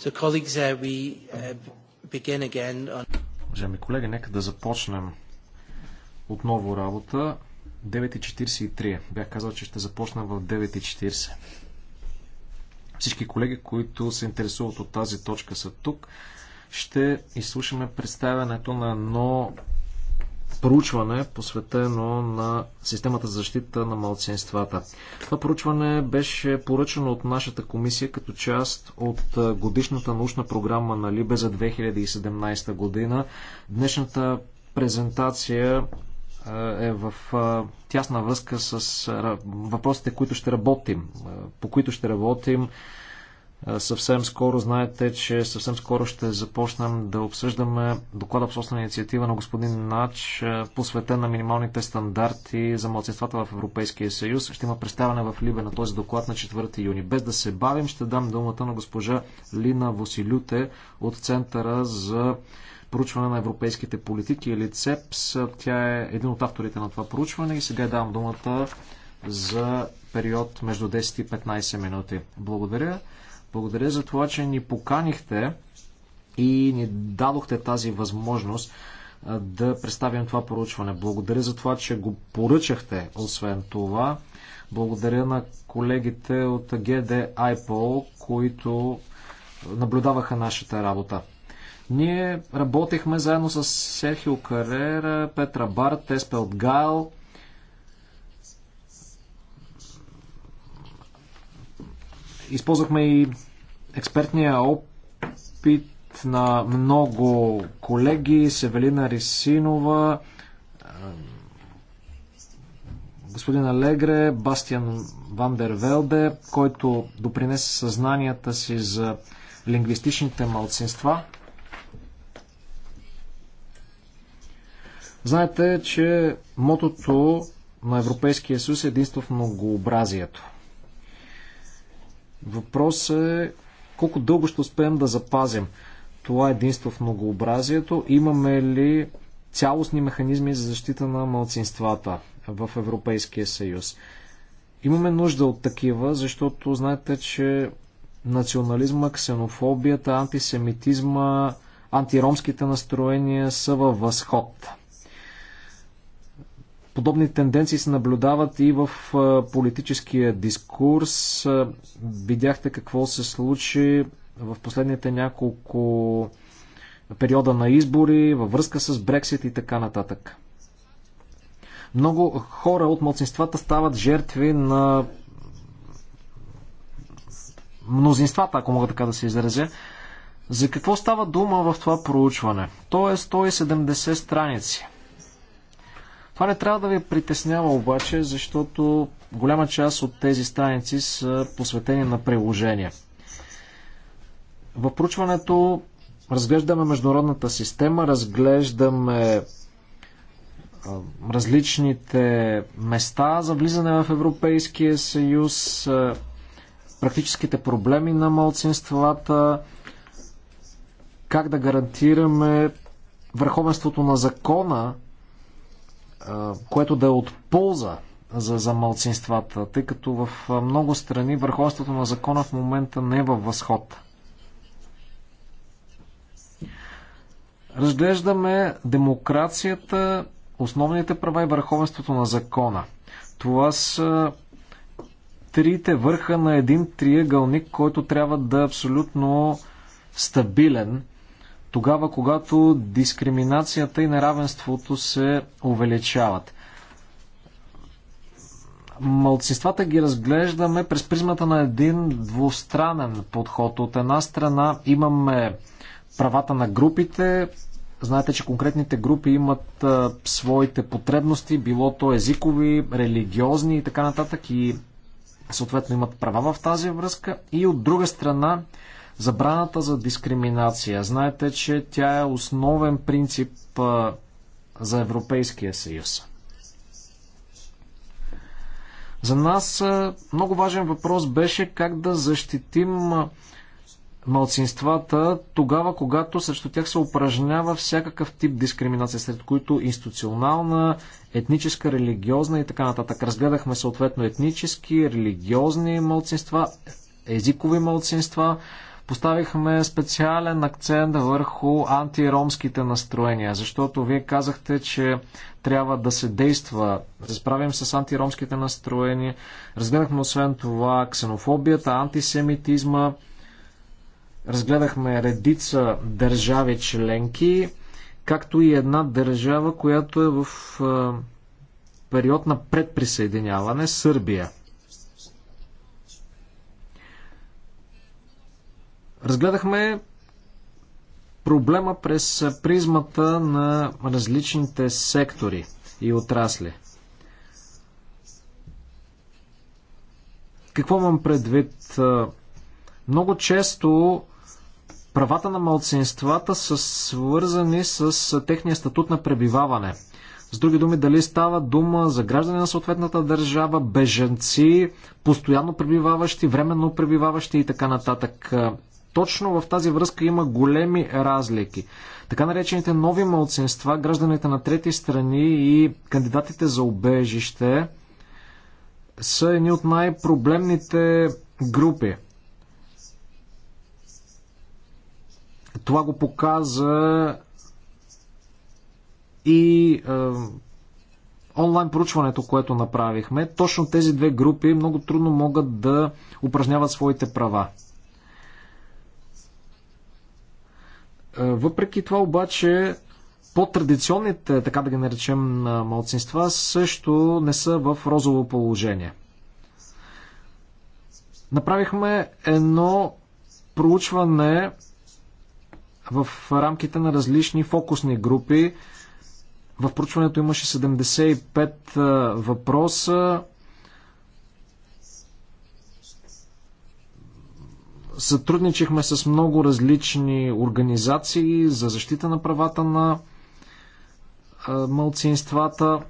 Uh, uh, Уважаеми колеги, нека да започнем отново работа. 9.43. Бях казал, че ще започна в 9.40. Всички колеги, които се интересуват от тази точка са тук. Ще изслушаме представянето на едно проучване, посветено на системата за защита на малцинствата. Това проучване беше поръчано от нашата комисия като част от годишната научна програма на Либе за 2017 година. Днешната презентация е в тясна връзка с въпросите, които ще работим, по които ще работим Съвсем скоро, знаете, че съвсем скоро ще започнем да обсъждаме доклада по собствена инициатива на господин Нач, посветен на минималните стандарти за младсинствата в Европейския съюз. Ще има представяне в Либе на този доклад на 4 юни. Без да се бавим, ще дам думата на госпожа Лина Василюте от Центъра за проучване на европейските политики или ЦЕПС. Тя е един от авторите на това проучване и сега давам думата за период между 10 и 15 минути. Благодаря. Благодаря за това, че ни поканихте и ни дадохте тази възможност да представим това поручване. Благодаря за това, че го поръчахте, освен това. Благодаря на колегите от GD IPO, които наблюдаваха нашата работа. Ние работихме заедно с Серхио Карера, Петра Барт, Еспелт Гайл, Използвахме и експертния опит на много колеги, Севелина Рисинова, господин Алегре, Бастиан Вандер Велде, който допринесе съзнанията си за лингвистичните малцинства. Знаете, че мотото на Европейския съюз е единство в многообразието. Въпросът е колко дълго ще успеем да запазим това единство в многообразието. Имаме ли цялостни механизми за защита на малцинствата в Европейския съюз? Имаме нужда от такива, защото знаете, че национализма, ксенофобията, антисемитизма, антиромските настроения са във възход. Подобни тенденции се наблюдават и в политическия дискурс. Видяхте какво се случи в последните няколко периода на избори, във връзка с Брексит и така нататък. Много хора от младсинствата стават жертви на мнозинствата, ако мога така да се изразя. За какво става дума в това проучване? То е 170 страници. Това не трябва да ви притеснява обаче, защото голяма част от тези страници са посветени на приложения. В проучването разглеждаме международната система, разглеждаме различните места за влизане в Европейския съюз, практическите проблеми на малцинствата, как да гарантираме върховенството на закона което да е от полза за, за малцинствата, тъй като в много страни върховенството на закона в момента не е във възход. Разглеждаме демокрацията, основните права и върховенството на закона. Това са трите върха на един триъгълник, който трябва да е абсолютно стабилен тогава, когато дискриминацията и неравенството се увеличават. Малцинствата ги разглеждаме през призмата на един двустранен подход. От една страна имаме правата на групите, Знаете, че конкретните групи имат а, своите потребности, било то езикови, религиозни и така нататък и съответно имат права в тази връзка. И от друга страна Забраната за дискриминация. Знаете, че тя е основен принцип за Европейския съюз. За нас много важен въпрос беше как да защитим малцинствата тогава, когато срещу тях се упражнява всякакъв тип дискриминация, сред които институционална, етническа, религиозна и така нататък. Разгледахме съответно етнически, религиозни малцинства, езикови малцинства. Поставихме специален акцент върху антиромските настроения, защото вие казахте, че трябва да се действа, да се справим с антиромските настроения. Разгледахме освен това ксенофобията, антисемитизма, разгледахме редица държави членки, както и една държава, която е в период на предприсъединяване Сърбия. Разгледахме проблема през призмата на различните сектори и отрасли. Какво имам предвид? Много често правата на малцинствата са свързани с техния статут на пребиваване. С други думи, дали става дума за граждани на съответната държава, беженци, постоянно пребиваващи, временно пребиваващи и така нататък. Точно в тази връзка има големи разлики. Така наречените нови малцинства, гражданите на трети страни и кандидатите за убежище са едни от най-проблемните групи. Това го показа и е, онлайн проучването, което направихме. Точно тези две групи много трудно могат да упражняват своите права. Е, въпреки това обаче по-традиционните, така да ги наречем, е, малцинства също не са в розово положение. Направихме едно проучване в рамките на различни фокусни групи. В проучването имаше 75 е, въпроса. Сътрудничихме с много различни организации за защита на правата на мълцинствата.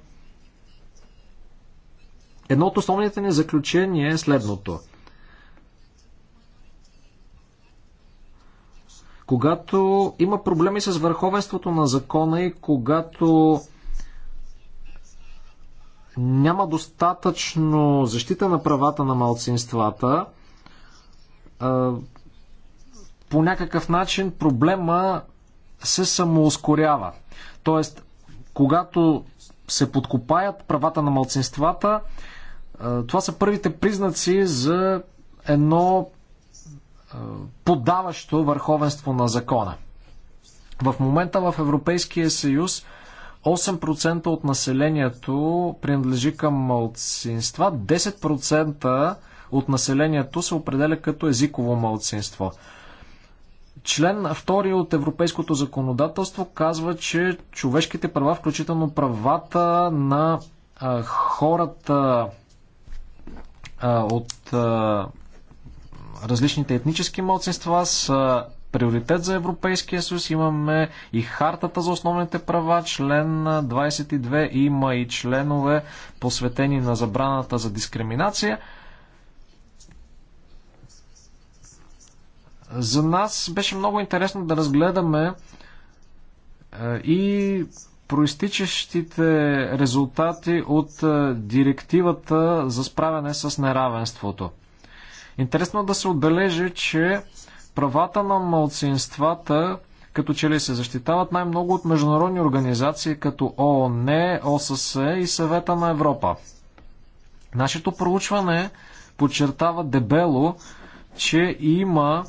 Едно от основните ни заключения е следното. Когато има проблеми с върховенството на закона и когато няма достатъчно защита на правата на малцинствата, по някакъв начин проблема се самоускорява. Тоест, когато се подкопаят правата на малцинствата, това са първите признаци за едно подаващо върховенство на закона. В момента в Европейския съюз 8% от населението принадлежи към малцинства, 10% от населението се определя като езиково малцинство. Член 2 от европейското законодателство казва, че човешките права, включително правата на а, хората а, от а, различните етнически малцинства, са приоритет за Европейския съюз. Имаме и хартата за основните права, член 22, има и членове посветени на забраната за дискриминация. За нас беше много интересно да разгледаме е, и проистичащите резултати от е, директивата за справяне с неравенството. Интересно да се отбележи, че правата на малцинствата като че ли се защитават най-много от международни организации като ООН, ОССЕ и Съвета на Европа. Нашето проучване подчертава дебело, че има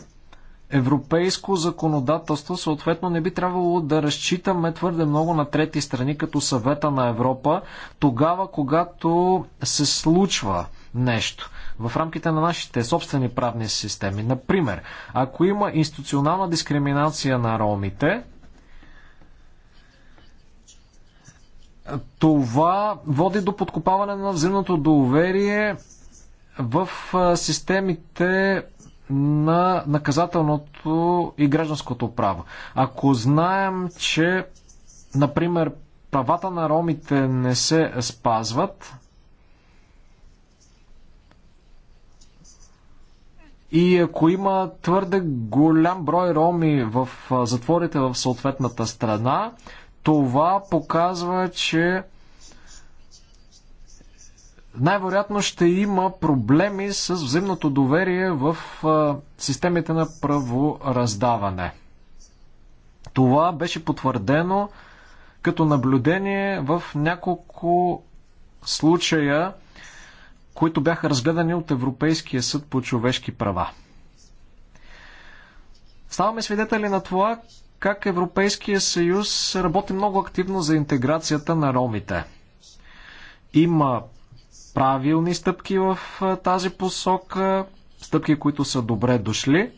европейско законодателство, съответно не би трябвало да разчитаме твърде много на трети страни, като съвета на Европа, тогава, когато се случва нещо в рамките на нашите собствени правни системи. Например, ако има институционална дискриминация на ромите, това води до подкопаване на взаимното доверие в системите на наказателното и гражданското право. Ако знаем, че, например, правата на ромите не се спазват, И ако има твърде голям брой роми в затворите в съответната страна, това показва, че най-вероятно ще има проблеми с взаимното доверие в системите на правораздаване. Това беше потвърдено като наблюдение в няколко случая, които бяха разгледани от Европейския съд по човешки права. Ставаме свидетели на това, как Европейския съюз работи много активно за интеграцията на ромите. Има правилни стъпки в тази посока, стъпки, които са добре дошли.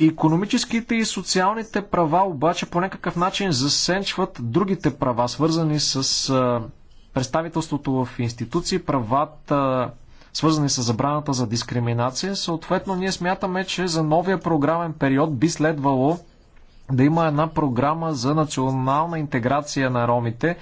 Економическите и социалните права обаче по някакъв начин засенчват другите права, свързани с представителството в институции, правата, свързани с забраната за дискриминация. Съответно, ние смятаме, че за новия програмен период би следвало да има една програма за национална интеграция на ромите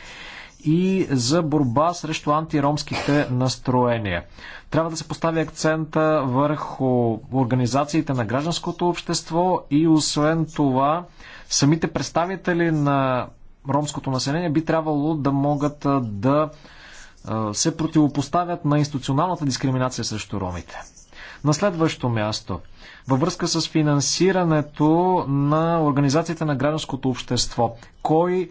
и за борба срещу антиромските настроения. Трябва да се постави акцента върху организациите на гражданското общество и освен това самите представители на ромското население би трябвало да могат да се противопоставят на институционалната дискриминация срещу ромите. На следващо място, във връзка с финансирането на организацията на гражданското общество, кой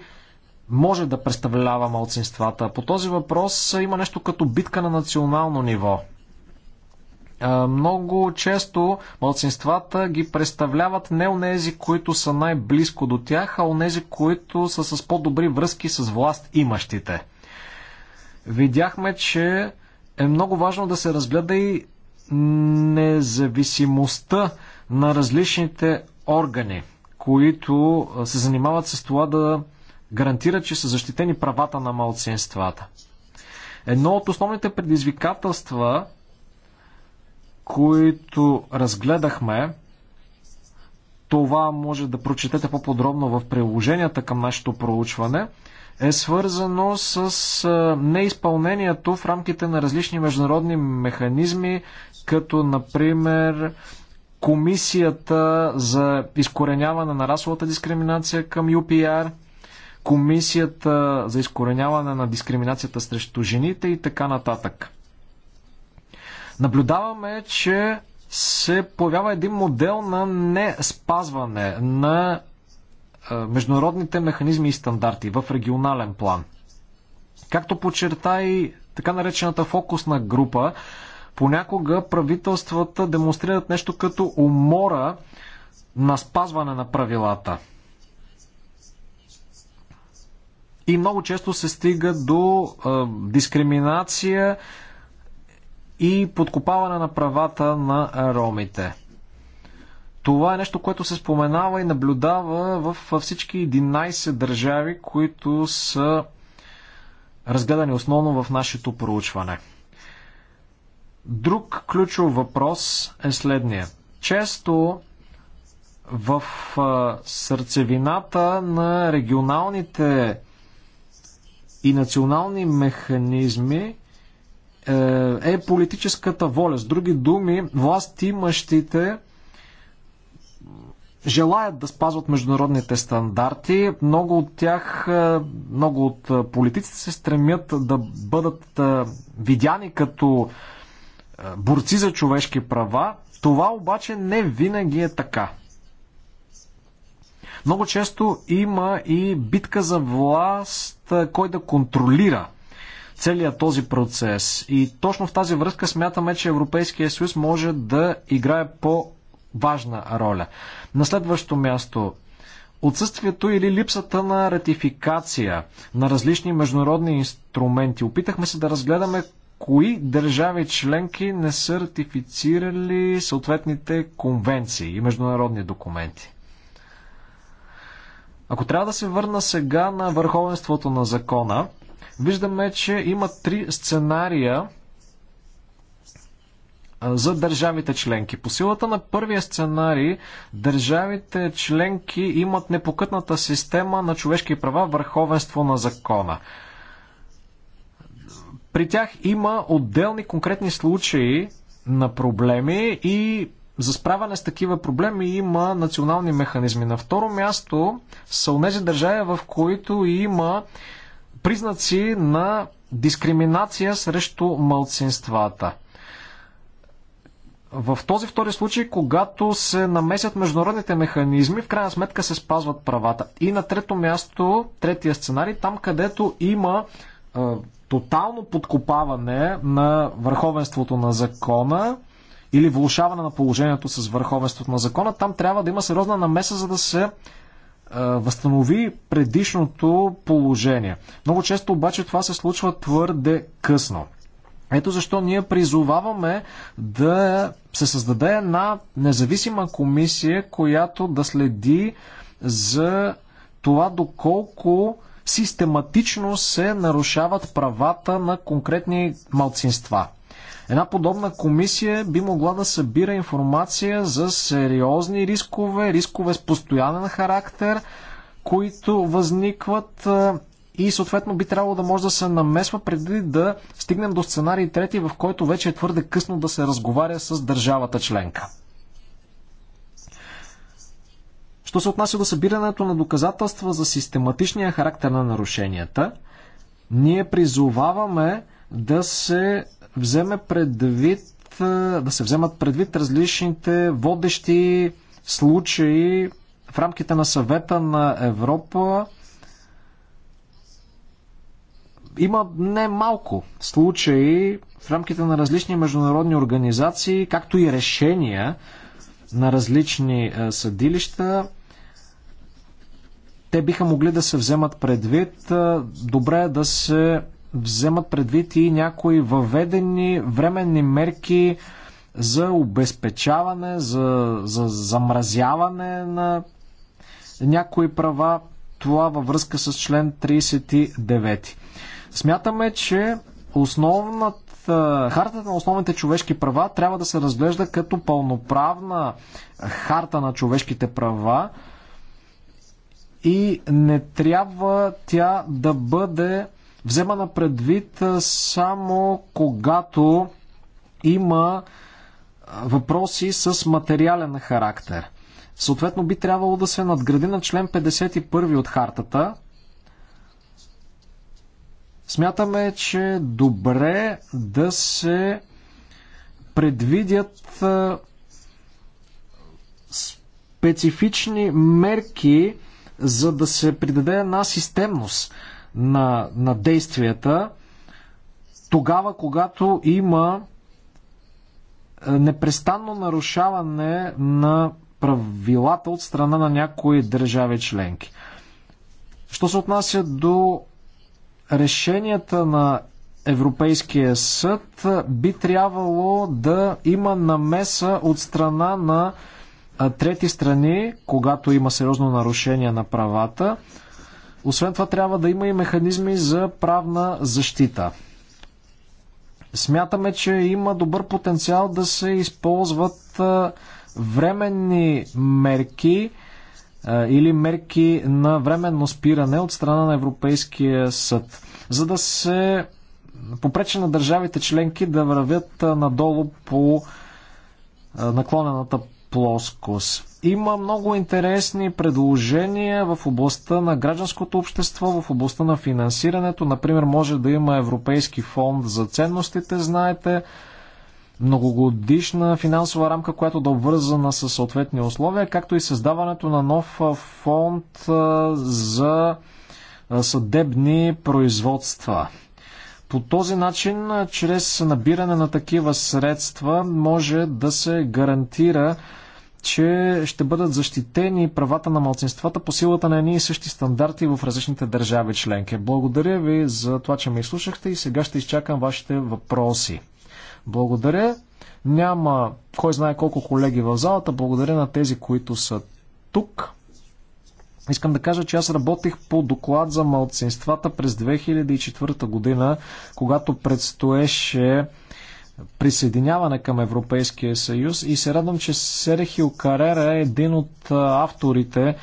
може да представлява малцинствата. По този въпрос има нещо като битка на национално ниво. Много често малцинствата ги представляват не онези, които са най-близко до тях, а онези, които са с по-добри връзки с власт имащите. Видяхме, че е много важно да се разгледа и независимостта на различните органи, които се занимават с това да гарантира, че са защитени правата на малцинствата. Едно от основните предизвикателства, които разгледахме, това може да прочетете по-подробно в приложенията към нашето проучване, е свързано с неизпълнението в рамките на различни международни механизми, като например Комисията за изкореняване на расовата дискриминация към UPR – Комисията за изкореняване на дискриминацията срещу жените и така нататък. Наблюдаваме, че се появява един модел на не спазване на е, международните механизми и стандарти в регионален план. Както подчерта и така наречената фокусна група, понякога правителствата демонстрират нещо като умора на спазване на правилата. И много често се стига до а, дискриминация и подкопаване на правата на ромите. Това е нещо, което се споменава и наблюдава в всички 11 държави, които са разгледани основно в нашето проучване. Друг ключов въпрос е следния. Често в сърцевината на регионалните и национални механизми е, е политическата воля. С други думи, властимащите желаят да спазват международните стандарти. Много от тях, е, много от е, политиците се стремят да бъдат видяни като борци за човешки права. Това обаче не винаги е така. Много често има и битка за власт, кой да контролира целият този процес. И точно в тази връзка смятаме, че Европейския съюз може да играе по-важна роля. На следващо място отсъствието или липсата на ратификация на различни международни инструменти. Опитахме се да разгледаме кои държави членки не са ратифицирали съответните конвенции и международни документи. Ако трябва да се върна сега на върховенството на закона, виждаме, че има три сценария за държавите членки. По силата на първия сценарий, държавите членки имат непокътната система на човешки права, върховенство на закона. При тях има отделни конкретни случаи на проблеми и за справяне с такива проблеми има национални механизми. На второ място са унези държави, в които има признаци на дискриминация срещу малцинствата. В този втори случай, когато се намесят международните механизми, в крайна сметка се спазват правата. И на трето място, третия сценарий, там където има е, тотално подкопаване на върховенството на закона, или влушаване на положението с върховенството на закона. Там трябва да има сериозна намеса, за да се възстанови предишното положение. Много често обаче това се случва твърде късно. Ето защо ние призоваваме да се създаде една независима комисия, която да следи за това доколко систематично се нарушават правата на конкретни малцинства. Една подобна комисия би могла да събира информация за сериозни рискове, рискове с постоянен характер, които възникват и съответно би трябвало да може да се намесва преди да стигнем до сценарий трети, в който вече е твърде късно да се разговаря с държавата членка. Що се отнася до събирането на доказателства за систематичния характер на нарушенията, ние призоваваме да се вземе предвид, да се вземат предвид различните водещи случаи в рамките на съвета на Европа. Има не малко случаи в рамките на различни международни организации, както и решения на различни съдилища. Те биха могли да се вземат предвид. Добре е да се вземат предвид и някои въведени временни мерки за обезпечаване, за, за замразяване на някои права. Това във връзка с член 39. Смятаме, че основната, хартата на основните човешки права трябва да се разглежда като пълноправна харта на човешките права и не трябва тя да бъде вземана предвид само когато има въпроси с материален характер. Съответно би трябвало да се надгради на член 51 от хартата. Смятаме, че добре да се предвидят специфични мерки, за да се придаде една системност на, на действията, тогава когато има е, непрестанно нарушаване на правилата от страна на някои държави членки. Що се отнася до решенията на Европейския съд, би трябвало да има намеса от страна на трети страни, когато има сериозно нарушение на правата. Освен това трябва да има и механизми за правна защита. Смятаме, че има добър потенциал да се използват временни мерки или мерки на временно спиране от страна на Европейския съд, за да се попречи на държавите членки да вървят надолу по наклонената плоскост. Има много интересни предложения в областта на гражданското общество, в областта на финансирането. Например, може да има Европейски фонд за ценностите, знаете, многогодишна финансова рамка, която да е обвързана с съответни условия, както и създаването на нов фонд за съдебни производства. По този начин, чрез набиране на такива средства, може да се гарантира че ще бъдат защитени правата на малцинствата по силата на едни и същи стандарти в различните държави членки. Благодаря ви за това, че ме изслушахте и сега ще изчакам вашите въпроси. Благодаря. Няма кой знае колко колеги в залата. Благодаря на тези, които са тук. Искам да кажа, че аз работих по доклад за малцинствата през 2004 година, когато предстоеше присъединяване към Европейския съюз и се радвам, че Серхио Карера е един от авторите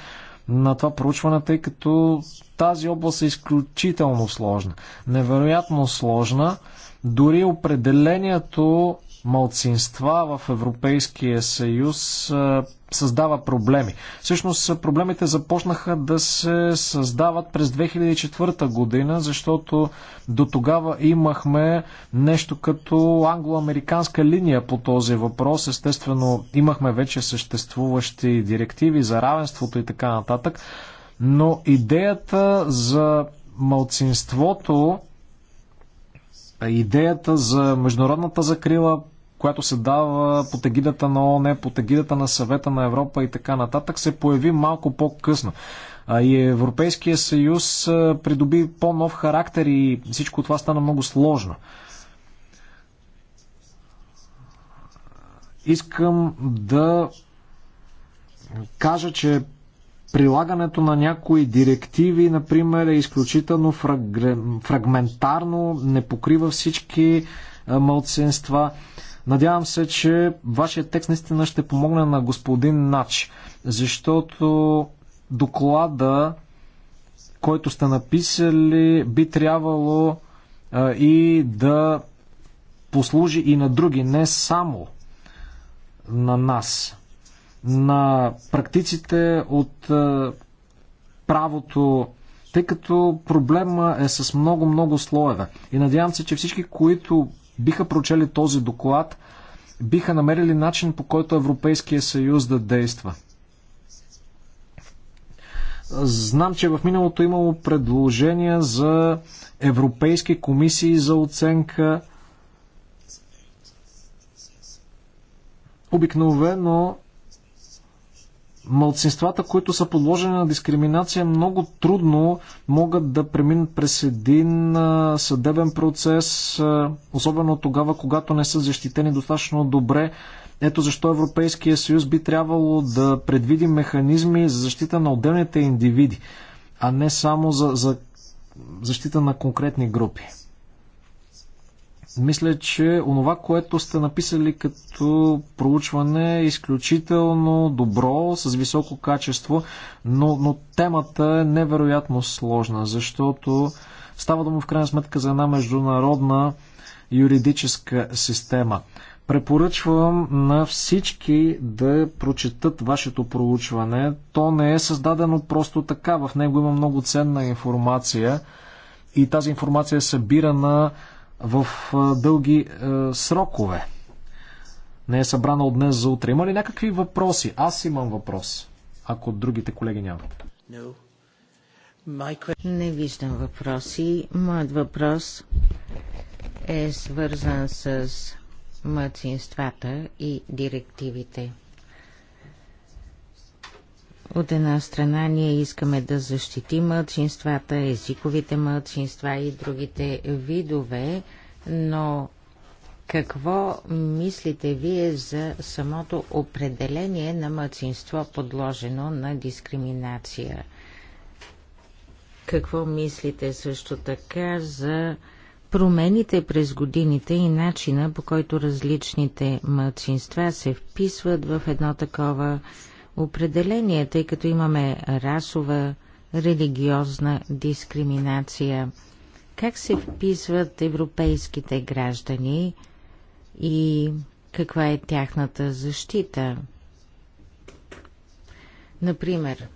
на това проучване, тъй като тази област е изключително сложна. Невероятно сложна. Дори определението малцинства в Европейския съюз създава проблеми. Всъщност проблемите започнаха да се създават през 2004 година, защото до тогава имахме нещо като англо-американска линия по този въпрос. Естествено, имахме вече съществуващи директиви за равенството и така нататък. Но идеята за малцинството идеята за международната закрила, която се дава под егидата на ООН, под егидата на Съвета на Европа и така нататък, се появи малко по-късно. И Европейския съюз придоби по-нов характер и всичко това стана много сложно. Искам да кажа, че прилагането на някои директиви, например, е изключително фрагментарно, не покрива всички мълценства. Надявам се, че вашия текст наистина ще помогне на господин Нач, защото доклада, който сте написали, би трябвало а, и да послужи и на други, не само на нас, на практиците от а, правото тъй като проблема е с много-много слоеве. И надявам се, че всички, които биха прочели този доклад, биха намерили начин по който Европейския съюз да действа. Знам, че в миналото имало предложения за европейски комисии за оценка. Обикновено Малцинствата, които са подложени на дискриминация, много трудно могат да преминат през един съдебен процес, особено тогава, когато не са защитени достатъчно добре. Ето защо Европейския съюз би трябвало да предвиди механизми за защита на отделните индивиди, а не само за, за защита на конкретни групи. Мисля, че онова, което сте написали като проучване е изключително добро, с високо качество, но, но темата е невероятно сложна, защото става дума в крайна сметка за една международна юридическа система. Препоръчвам на всички да прочетат вашето проучване. То не е създадено просто така. В него има много ценна информация и тази информация е събирана в дълги срокове. Не е събрана от днес за утре. Има ли някакви въпроси? Аз имам въпрос, ако другите колеги нямат. Не виждам въпроси. Моят въпрос е свързан с мъцинствата и директивите. От една страна ние искаме да защитим мълчинствата, езиковите мълчинства и другите видове, но какво мислите вие за самото определение на мълчинство, подложено на дискриминация? Какво мислите също така за промените през годините и начина по който различните мълчинства се вписват в едно такова определение, тъй като имаме расова, религиозна дискриминация. Как се вписват европейските граждани и каква е тяхната защита? Например,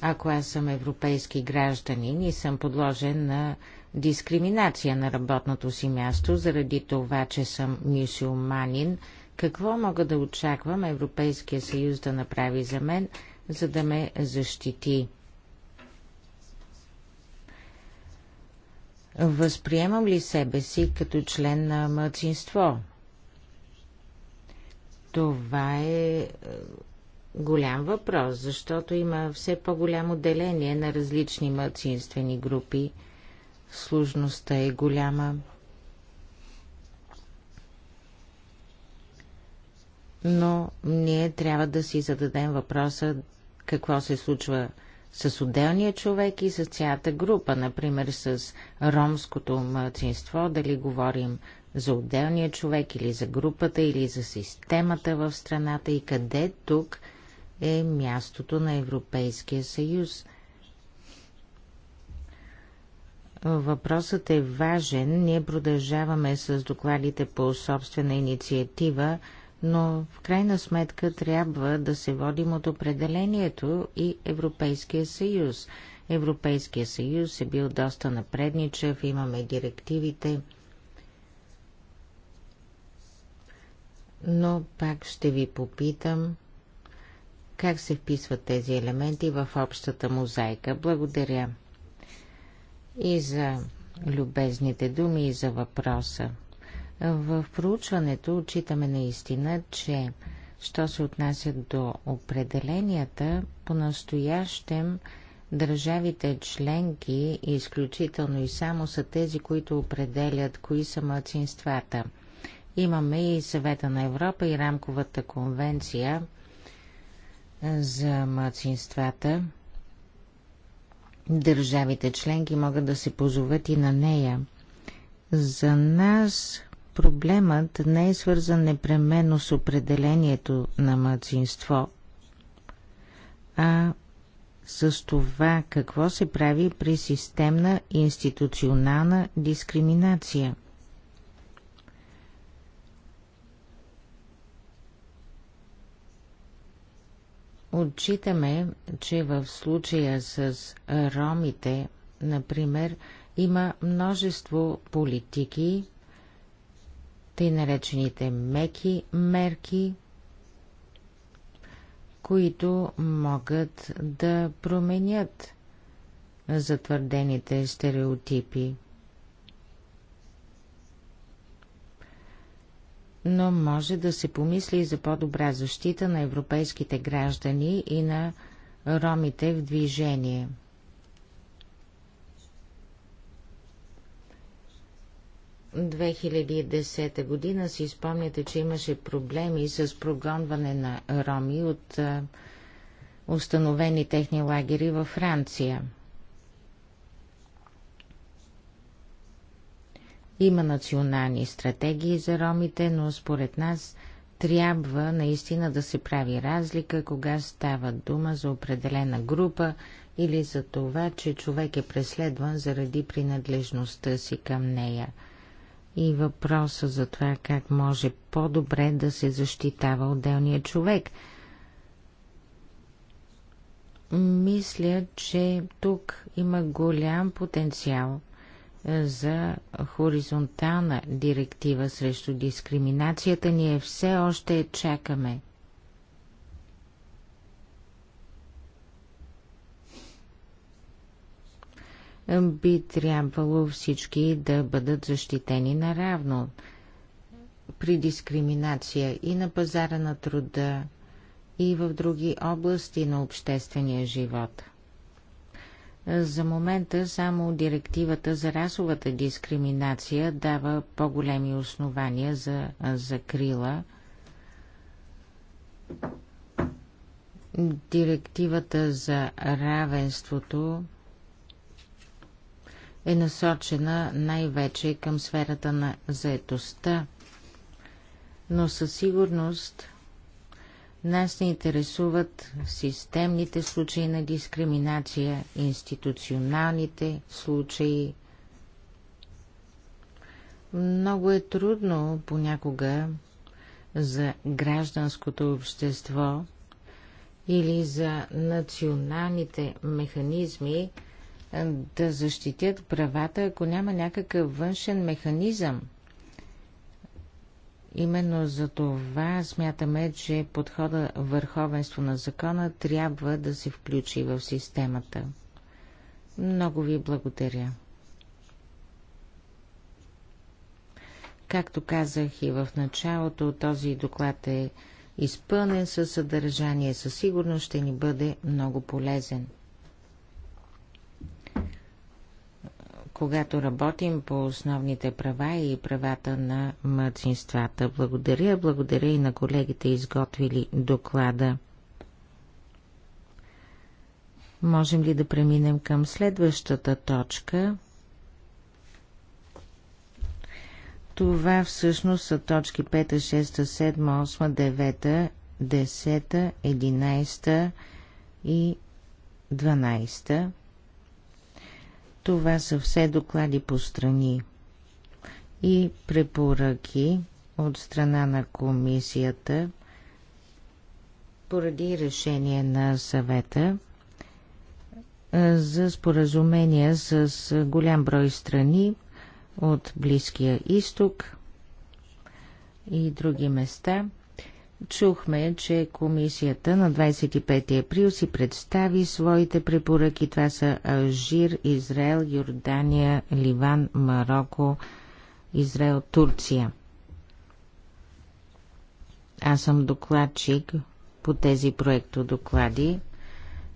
ако аз съм европейски гражданин и съм подложен на дискриминация на работното си място заради това, че съм мюсюлманин – какво мога да очаквам Европейския съюз да направи за мен, за да ме защити? Възприемам ли себе си като член на мълцинство? Това е, е голям въпрос, защото има все по-голямо деление на различни мълцинствени групи. Сложността е голяма. но ние трябва да си зададем въпроса какво се случва с отделния човек и с цялата група, например с ромското младсинство, дали говорим за отделния човек или за групата или за системата в страната и къде тук е мястото на Европейския съюз. Въпросът е важен. Ние продължаваме с докладите по собствена инициатива – но в крайна сметка трябва да се водим от определението и Европейския съюз. Европейския съюз е бил доста напредничев, имаме директивите. Но пак ще ви попитам как се вписват тези елементи в общата мозайка. Благодаря и за любезните думи и за въпроса. В проучването отчитаме наистина, че що се отнася до определенията, по-настоящем държавите членки изключително и само са тези, които определят кои са младсинствата. Имаме и Съвета на Европа и Рамковата конвенция за младсинствата. Държавите членки могат да се позоват и на нея. За нас проблемът не е свързан непременно с определението на младсинство, а с това какво се прави при системна институционална дискриминация. Отчитаме, че в случая с ромите, например, има множество политики, тъй наречените меки мерки, които могат да променят затвърдените стереотипи. Но може да се помисли и за по-добра защита на европейските граждани и на ромите в движение – 2010 година си спомняте, че имаше проблеми с прогонване на роми от установени техни лагери във Франция. Има национални стратегии за ромите, но според нас трябва наистина да се прави разлика, кога става дума за определена група или за това, че човек е преследван заради принадлежността си към нея – и въпроса за това как може по-добре да се защитава отделния човек. Мисля, че тук има голям потенциал е, за хоризонтална директива срещу дискриминацията. Ние все още чакаме. би трябвало всички да бъдат защитени наравно при дискриминация и на пазара на труда, и в други области на обществения живот. За момента само директивата за расовата дискриминация дава по-големи основания за закрила. Директивата за равенството е насочена най-вече към сферата на заетостта, но със сигурност нас не интересуват системните случаи на дискриминация, институционалните случаи. Много е трудно понякога за гражданското общество или за националните механизми да защитят правата, ако няма някакъв външен механизъм. Именно за това смятаме, че подхода върховенство на закона трябва да се включи в системата. Много ви благодаря. Както казах и в началото, този доклад е изпълнен със съдържание, със сигурност ще ни бъде много полезен. когато работим по основните права и правата на мъцинствата. Благодаря, благодаря и на колегите, изготвили доклада. Можем ли да преминем към следващата точка? Това всъщност са точки 5, 6, 7, 8, 9, 10, 11 и 12. Това са все доклади по страни и препоръки от страна на комисията поради решение на съвета за споразумения с голям брой страни от Близкия изток и други места – Чухме, че комисията на 25 април си представи своите препоръки. Това са Алжир, Израел, Йордания, Ливан, Марокко, Израел, Турция. Аз съм докладчик по тези проекто доклади.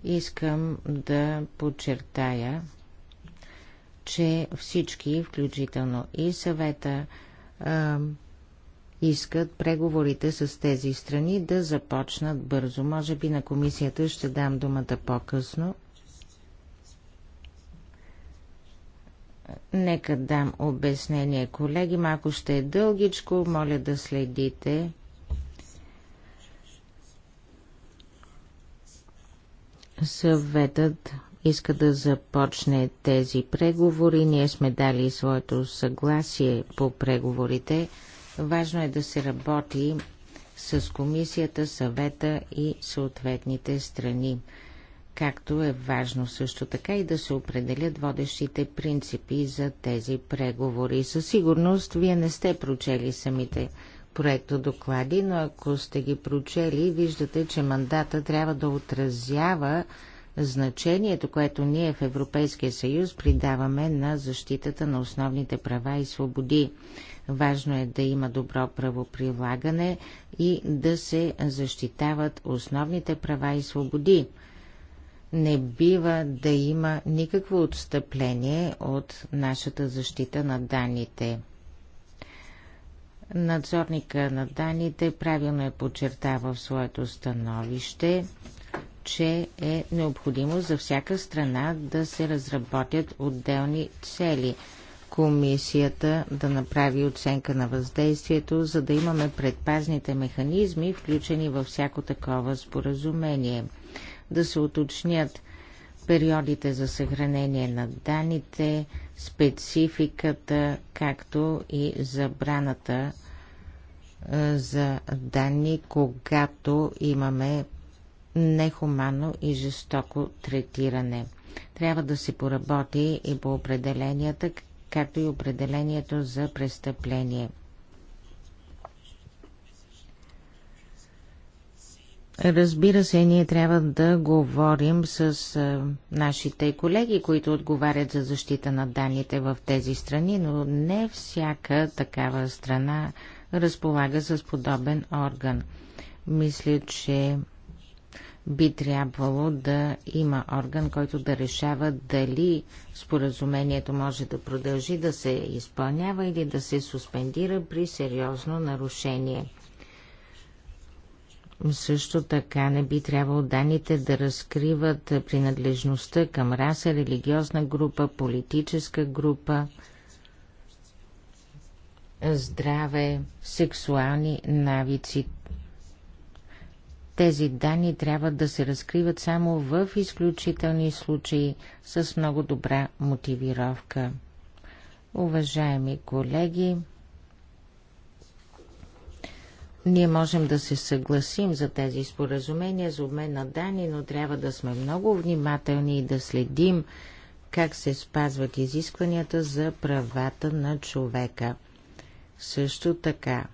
Искам да подчертая, че всички, включително и съвета, искат преговорите с тези страни да започнат бързо. Може би на комисията ще дам думата по-късно. Нека дам обяснение, колеги. Малко ще е дългичко, моля да следите. Съветът иска да започне тези преговори. Ние сме дали своето съгласие по преговорите Важно е да се работи с комисията, съвета и съответните страни, както е важно също така и да се определят водещите принципи за тези преговори. Със сигурност вие не сте прочели самите проектодоклади, но ако сте ги прочели, виждате, че мандата трябва да отразява значението, което ние в Европейския съюз придаваме на защитата на основните права и свободи. Важно е да има добро правоприлагане и да се защитават основните права и свободи. Не бива да има никакво отстъпление от нашата защита на данните. Надзорника на данните правилно е подчертава в своето становище, че е необходимо за всяка страна да се разработят отделни цели – комисията да направи оценка на въздействието, за да имаме предпазните механизми, включени във всяко такова споразумение. Да се уточнят периодите за съхранение на данните, спецификата, както и забраната за данни, когато имаме нехуманно и жестоко третиране. Трябва да се поработи и по определенията, както и определението за престъпление. Разбира се, ние трябва да говорим с а, нашите колеги, които отговарят за защита на данните в тези страни, но не всяка такава страна разполага с подобен орган. Мисля, че би трябвало да има орган, който да решава дали споразумението може да продължи да се изпълнява или да се суспендира при сериозно нарушение. Също така не би трябвало данните да разкриват принадлежността към раса, религиозна група, политическа група, здраве, сексуални навици, тези данни трябва да се разкриват само в изключителни случаи с много добра мотивировка. Уважаеми колеги, ние можем да се съгласим за тези споразумения за обмен на данни, но трябва да сме много внимателни и да следим как се спазват изискванията за правата на човека. Също така,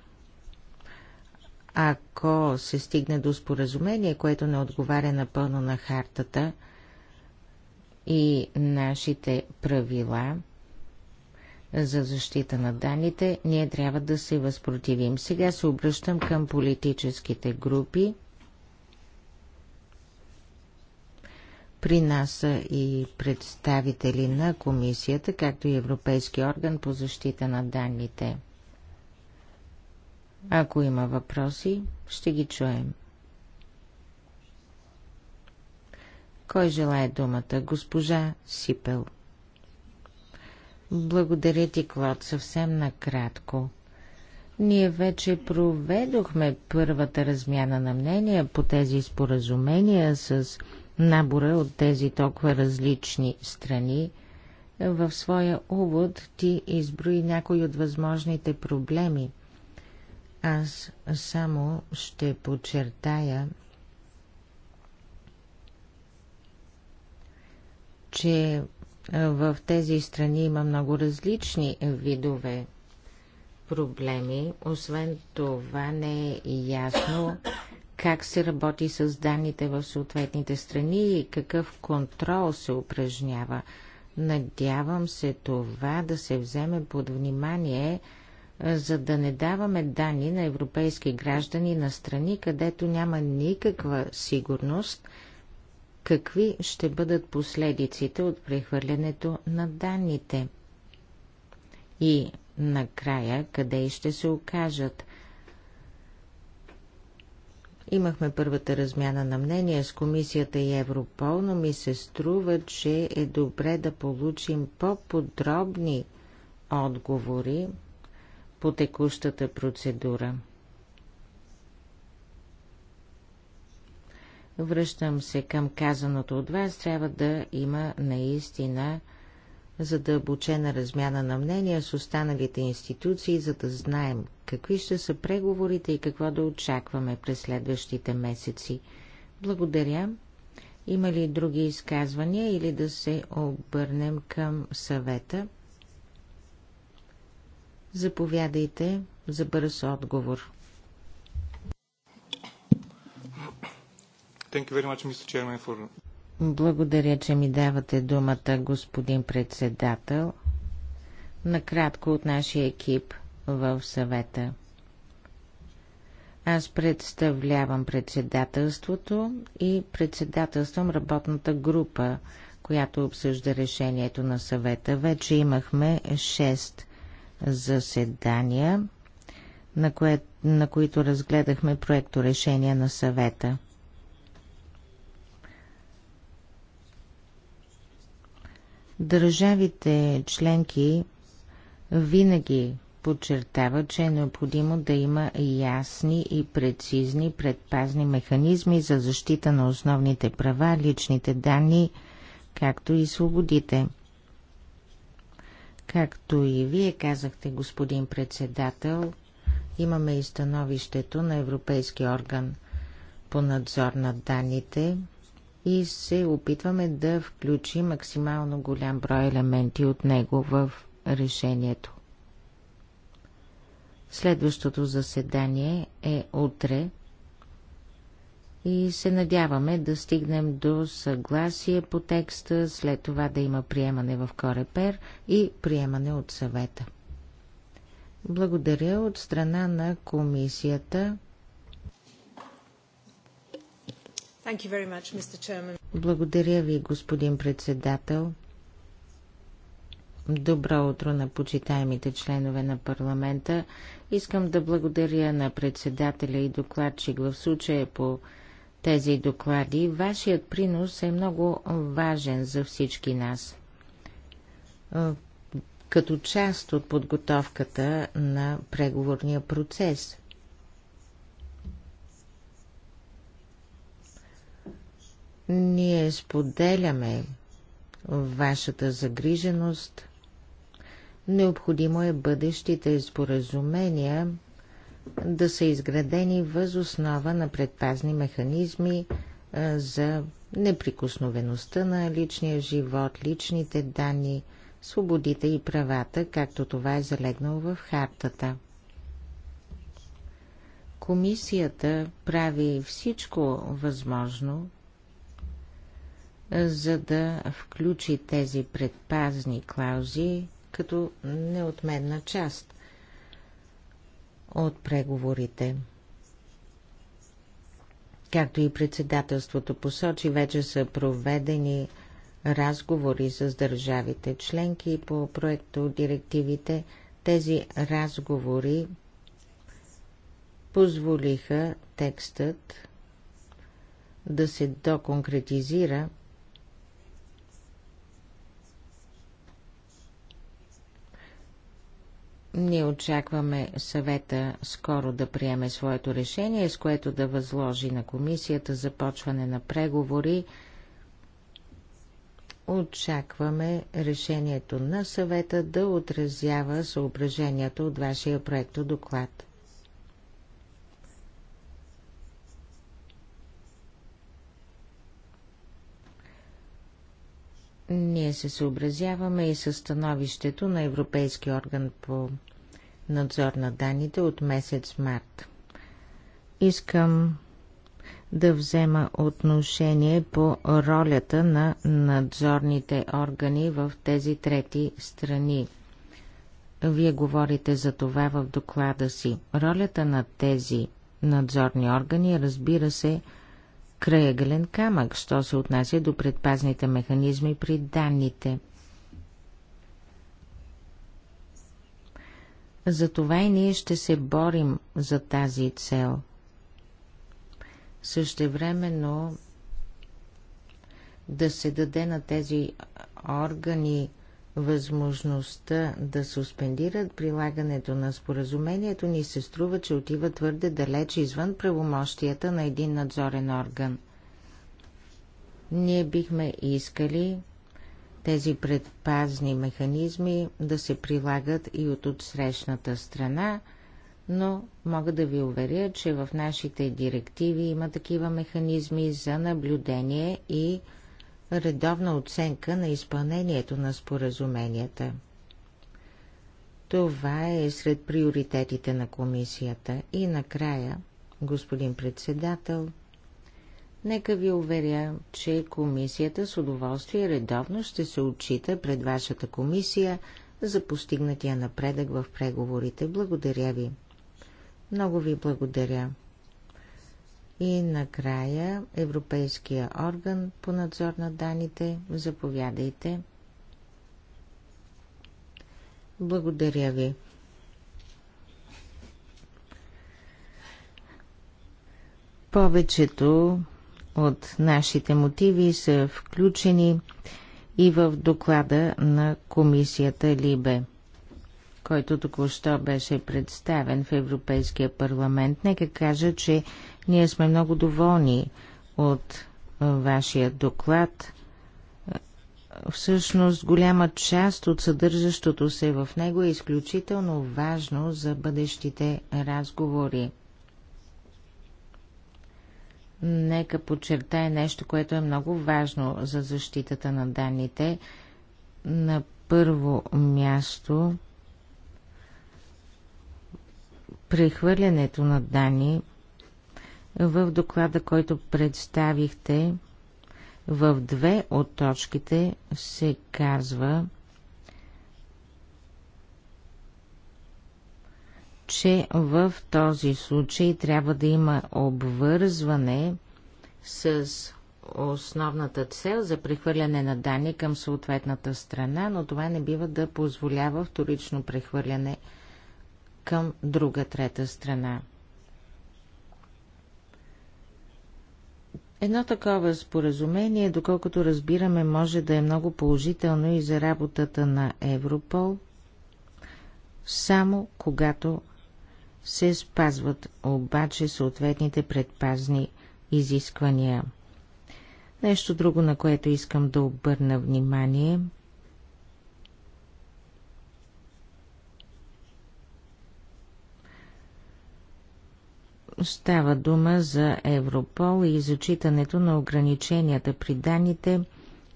ако се стигне до споразумение, което не отговаря напълно на хартата и нашите правила за защита на данните, ние трябва да се възпротивим. Сега се обръщам към политическите групи. При нас са и представители на комисията, както и Европейски орган по защита на данните – ако има въпроси, ще ги чуем. Кой желая думата? Госпожа Сипел. Благодаря ти, Клод, съвсем накратко. Ние вече проведохме първата размяна на мнения по тези споразумения с набора от тези толкова различни страни. В своя увод ти изброи някои от възможните проблеми – аз само ще подчертая, че в тези страни има много различни видове проблеми. Освен това не е ясно как се работи с данните в съответните страни и какъв контрол се упражнява. Надявам се това да се вземе под внимание за да не даваме данни на европейски граждани на страни, където няма никаква сигурност какви ще бъдат последиците от прехвърлянето на данните. И накрая, къде и ще се окажат. Имахме първата размяна на мнение с комисията и Европол, но ми се струва, че е добре да получим по-подробни отговори по текущата процедура. Връщам се към казаното от вас. Трябва да има наистина задълбочена размяна на мнения с останалите институции, за да знаем какви ще са преговорите и какво да очакваме през следващите месеци. Благодаря. Има ли други изказвания или да се обърнем към съвета? Заповядайте за бърз отговор. Благодаря, че ми давате думата, господин председател. Накратко от нашия екип в съвета. Аз представлявам председателството и председателствам работната група, която обсъжда решението на съвета. Вече имахме 6 заседания, на, кое, на които разгледахме проекто решение на съвета. Държавите членки винаги подчертава, че е необходимо да има ясни и прецизни предпазни механизми за защита на основните права, личните данни, както и свободите – Както и вие казахте, господин председател, имаме и становището на Европейски орган по надзор на данните и се опитваме да включи максимално голям брой елементи от него в решението. Следващото заседание е утре и се надяваме да стигнем до съгласие по текста, след това да има приемане в Корепер и приемане от съвета. Благодаря от страна на комисията. Much, Благодаря ви, господин председател. Добро утро на почитаемите членове на парламента. Искам да благодаря на председателя и докладчик в случая по тези доклади. Вашият принос е много важен за всички нас. Като част от подготовката на преговорния процес. Ние споделяме вашата загриженост. Необходимо е бъдещите споразумения да са изградени въз основа на предпазни механизми за неприкосновеността на личния живот, личните данни, свободите и правата, както това е залегнало в хартата. Комисията прави всичко възможно, за да включи тези предпазни клаузи като неотменна част от преговорите. Както и председателството посочи, вече са проведени разговори с държавите членки по проекто директивите. Тези разговори позволиха текстът да се доконкретизира – Ние очакваме съвета скоро да приеме своето решение, с което да възложи на комисията започване на преговори. Очакваме решението на съвета да отразява съображението от вашия проекто доклад. Ние се съобразяваме и със становището на Европейски орган по надзор на данните от месец март. Искам да взема отношение по ролята на надзорните органи в тези трети страни. Вие говорите за това в доклада си. Ролята на тези надзорни органи, разбира се, е краягален камък, що се отнася до предпазните механизми при данните. Затова и ние ще се борим за тази цел. Същевременно да се даде на тези органи възможността да суспендират прилагането на споразумението ни се струва, че отива твърде далеч извън правомощията на един надзорен орган. Ние бихме искали тези предпазни механизми да се прилагат и от отсрещната страна, но мога да ви уверя, че в нашите директиви има такива механизми за наблюдение и наблюдение редовна оценка на изпълнението на споразуменията. Това е сред приоритетите на комисията. И накрая, господин председател, нека ви уверя, че комисията с удоволствие редовно ще се отчита пред вашата комисия за постигнатия напредък в преговорите. Благодаря ви. Много ви благодаря. И накрая Европейския орган по надзор на данните. Заповядайте. Благодаря ви. Повечето от нашите мотиви са включени и в доклада на комисията Либе, който току-що беше представен в Европейския парламент. Нека кажа, че ние сме много доволни от вашия доклад. Всъщност, голяма част от съдържащото се в него е изключително важно за бъдещите разговори. Нека подчертая нещо, което е много важно за защитата на данните. На първо място, прехвърлянето на данни в доклада, който представихте, в две от точките се казва, че в този случай трябва да има обвързване с основната цел за прехвърляне на данни към съответната страна, но това не бива да позволява вторично прехвърляне към друга трета страна. Едно такова споразумение, доколкото разбираме, може да е много положително и за работата на Европол, само когато се спазват обаче съответните предпазни изисквания. Нещо друго, на което искам да обърна внимание – Става дума за Европол и зачитането на ограниченията при данните,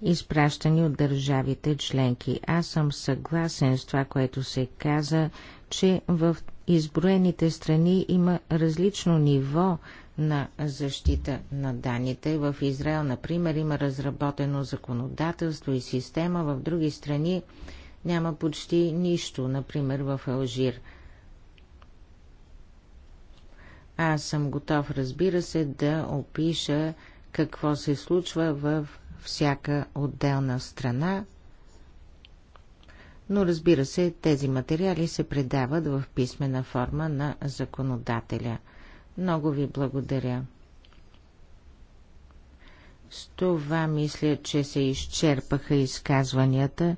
изпращани от държавите членки. Аз съм съгласен с това, което се каза, че в изброените страни има различно ниво на защита на данните. В Израел, например, има разработено законодателство и система, в други страни няма почти нищо, например в Алжир – аз съм готов, разбира се, да опиша какво се случва в всяка отделна страна, но разбира се, тези материали се предават в писмена форма на законодателя. Много ви благодаря. С това мисля, че се изчерпаха изказванията.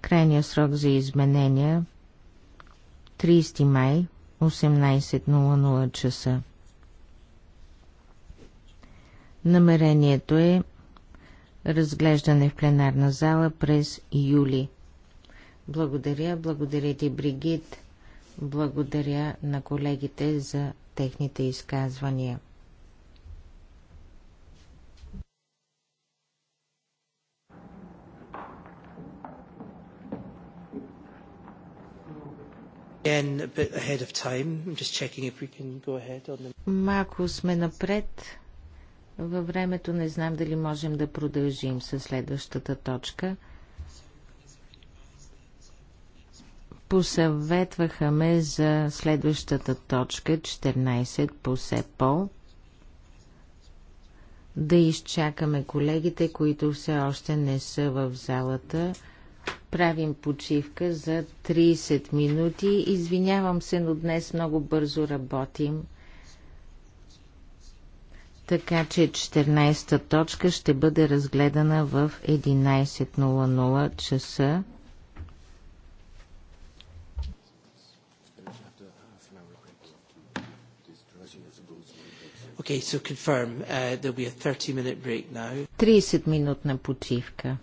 Крайният срок за изменения 30 май 18.00 часа. Намерението е разглеждане в пленарна зала през юли. Благодаря, благодаря ти, Бригит. Благодаря на колегите за техните изказвания. Again, a bit ahead of time. I'm just checking if we can go ahead on the... Малко сме напред. Във времето не знам дали можем да продължим със следващата точка. Посъветваха ме за следващата точка, 14 по СЕПО. Да изчакаме колегите, които все още не са в залата правим почивка за 30 минути. Извинявам се, но днес много бързо работим. Така че 14-та точка ще бъде разгледана в 11.00 часа. Okay, so confirm uh, there'll be a 30-minute break now. 30 минутна почивка.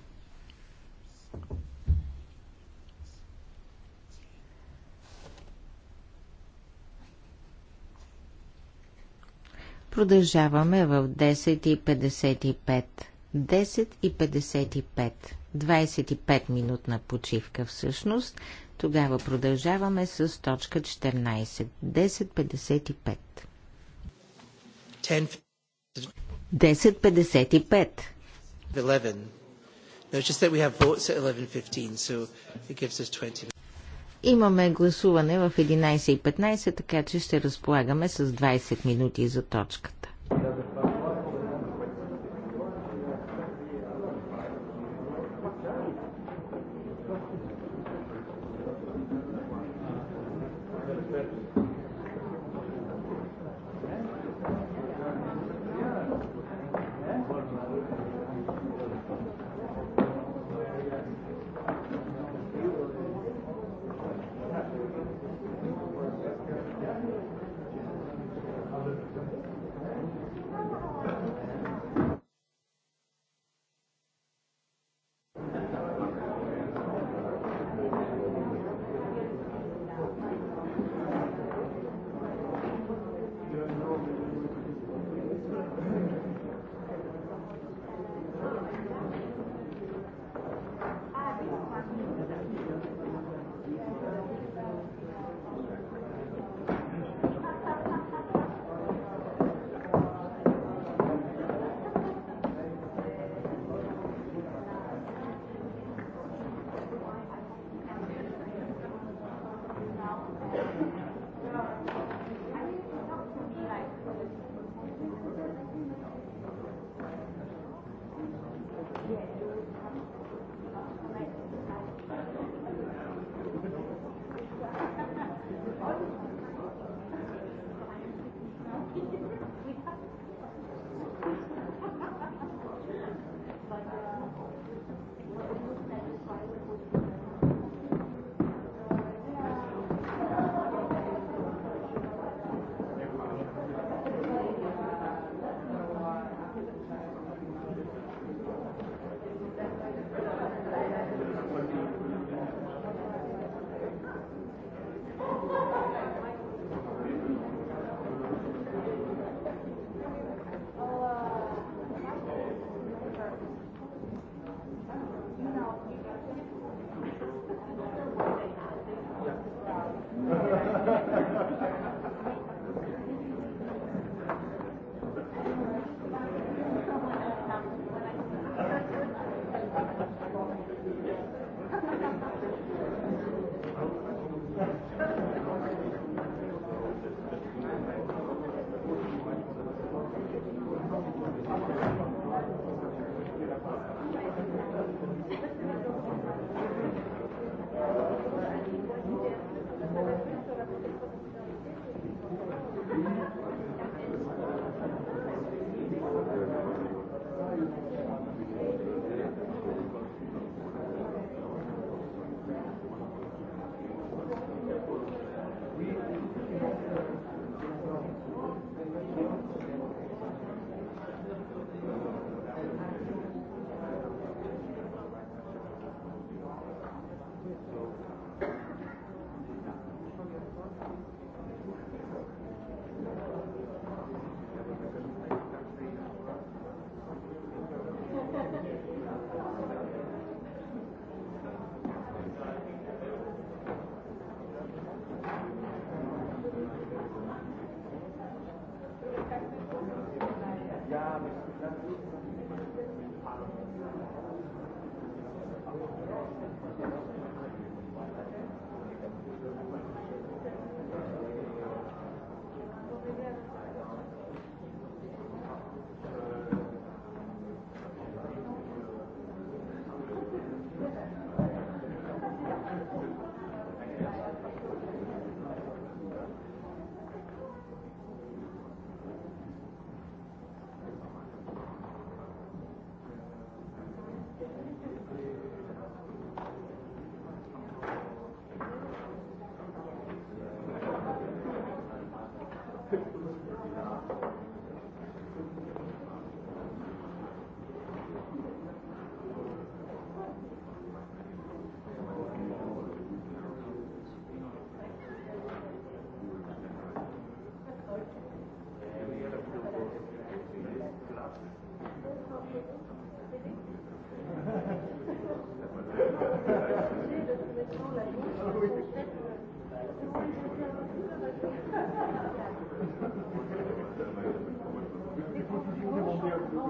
Продължаваме в 10.55. 10.55. 25 минутна почивка всъщност. Тогава продължаваме с точка 14. 10.55. 10.55. 11. No, it's just that we have votes at 11.15, so it gives us 20 minutes. Имаме гласуване в 11.15, така че ще разполагаме с 20 минути за точката.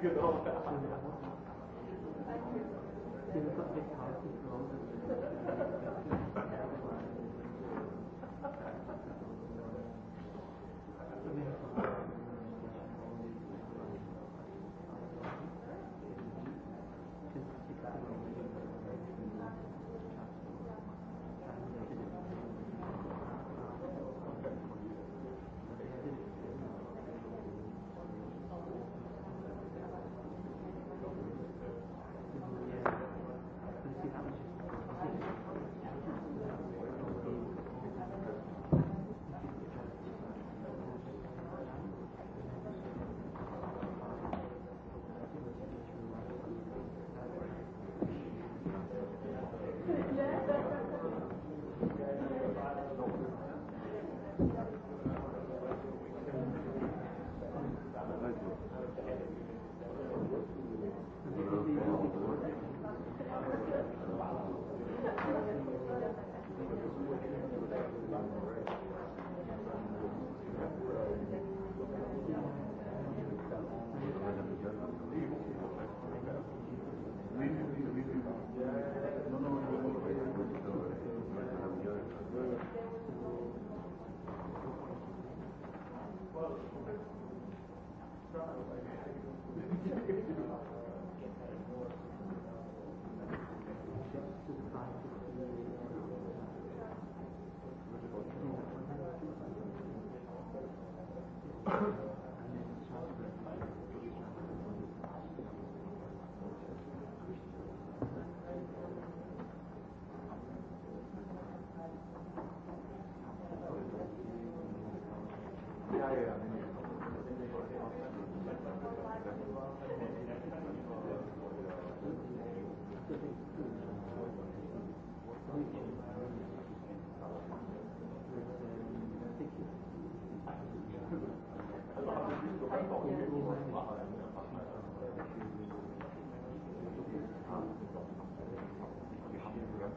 Genau.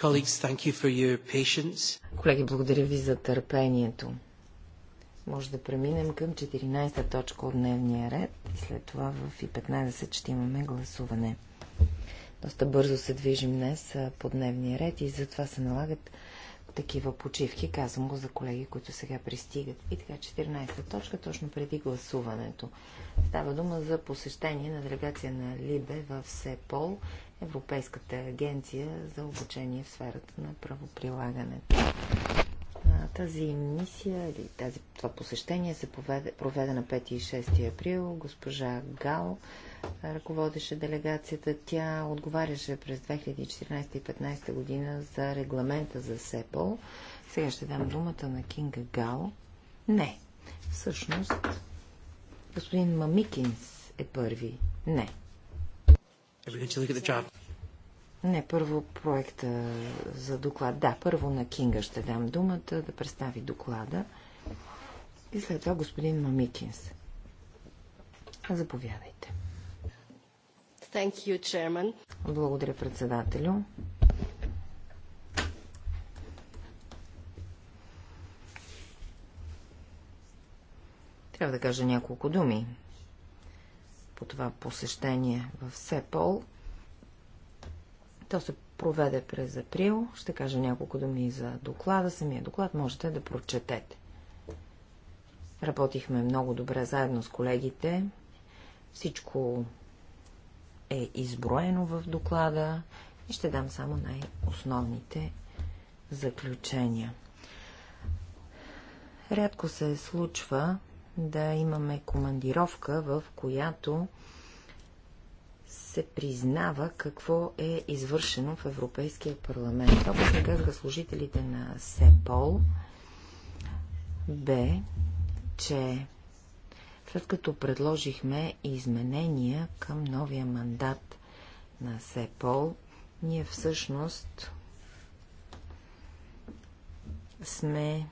Колеги, благодаря ви за търпението. Може да преминем към 14-та точка от дневния ред и след това в и 15 ще имаме гласуване. Доста бързо се движим днес по дневния ред и затова се налагат такива почивки, казвам го за колеги, които сега пристигат. И така, 14 та точка, точно преди гласуването. Става дума за посещение на делегация на Либе в СЕПОЛ, Европейската агенция за обучение в сферата на правоприлагането. Тази мисия или тази, това посещение се поведе, проведе на 5 и 6 април. Госпожа Гал ръководеше делегацията. Тя отговаряше през 2014 и 2015 година за регламента за СЕПОЛ. Сега ще дам думата на Кинга Гал. Не. Всъщност, господин Мамикинс е първи. Не. Everything to look at the job. Не, първо проекта за доклад. Да, първо на Кинга ще дам думата да представи доклада. И след това господин Мамикинс. Заповядайте. Thank you, chairman. Благодаря, председателю. Трябва да кажа няколко думи по това посещение в Сепол – то се проведе през април. Ще кажа няколко думи за доклада. Самия доклад можете да прочетете. Работихме много добре заедно с колегите. Всичко е изброено в доклада и ще дам само най-основните заключения. Рядко се случва да имаме командировка, в която се признава какво е извършено в Европейския парламент. Това, което казаха служителите на СЕПОЛ, бе, че след като предложихме изменения към новия мандат на СЕПОЛ, ние всъщност сме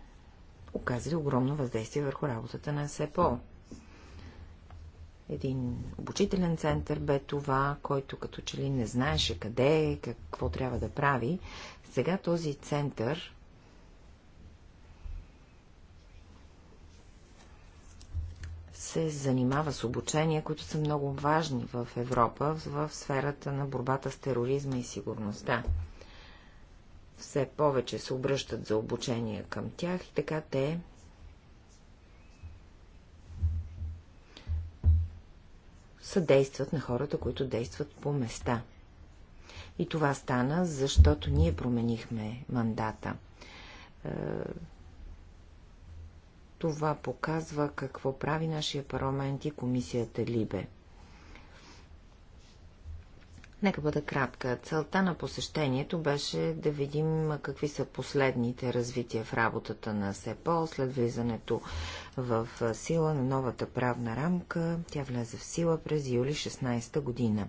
оказали огромно въздействие върху работата на СЕПОЛ. Един обучителен център бе това, който като че ли не знаеше къде, какво трябва да прави. Сега този център се занимава с обучения, които са много важни в Европа в сферата на борбата с тероризма и сигурността. Все повече се обръщат за обучение към тях и така те съдействат на хората, които действат по места. И това стана, защото ние променихме мандата. Е, това показва какво прави нашия парламент и комисията Либе. Нека бъда кратка. Целта на посещението беше да видим какви са последните развития в работата на СЕПО след влизането в сила на новата правна рамка. Тя влезе в сила през юли 16 година.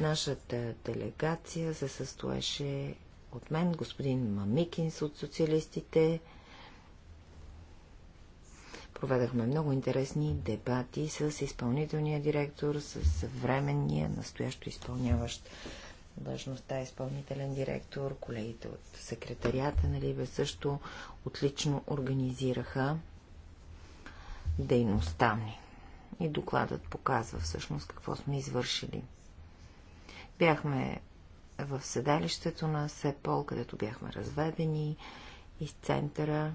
Нашата делегация се състоеше от мен, господин Мамикинс от социалистите, Проведахме много интересни дебати с изпълнителния директор, с временния, настоящо изпълняващ длъжността изпълнителен директор, колегите от секретарията на Либе също отлично организираха дейността ни. И докладът показва всъщност какво сме извършили. Бяхме в седалището на Сепол, където бяхме разведени из центъра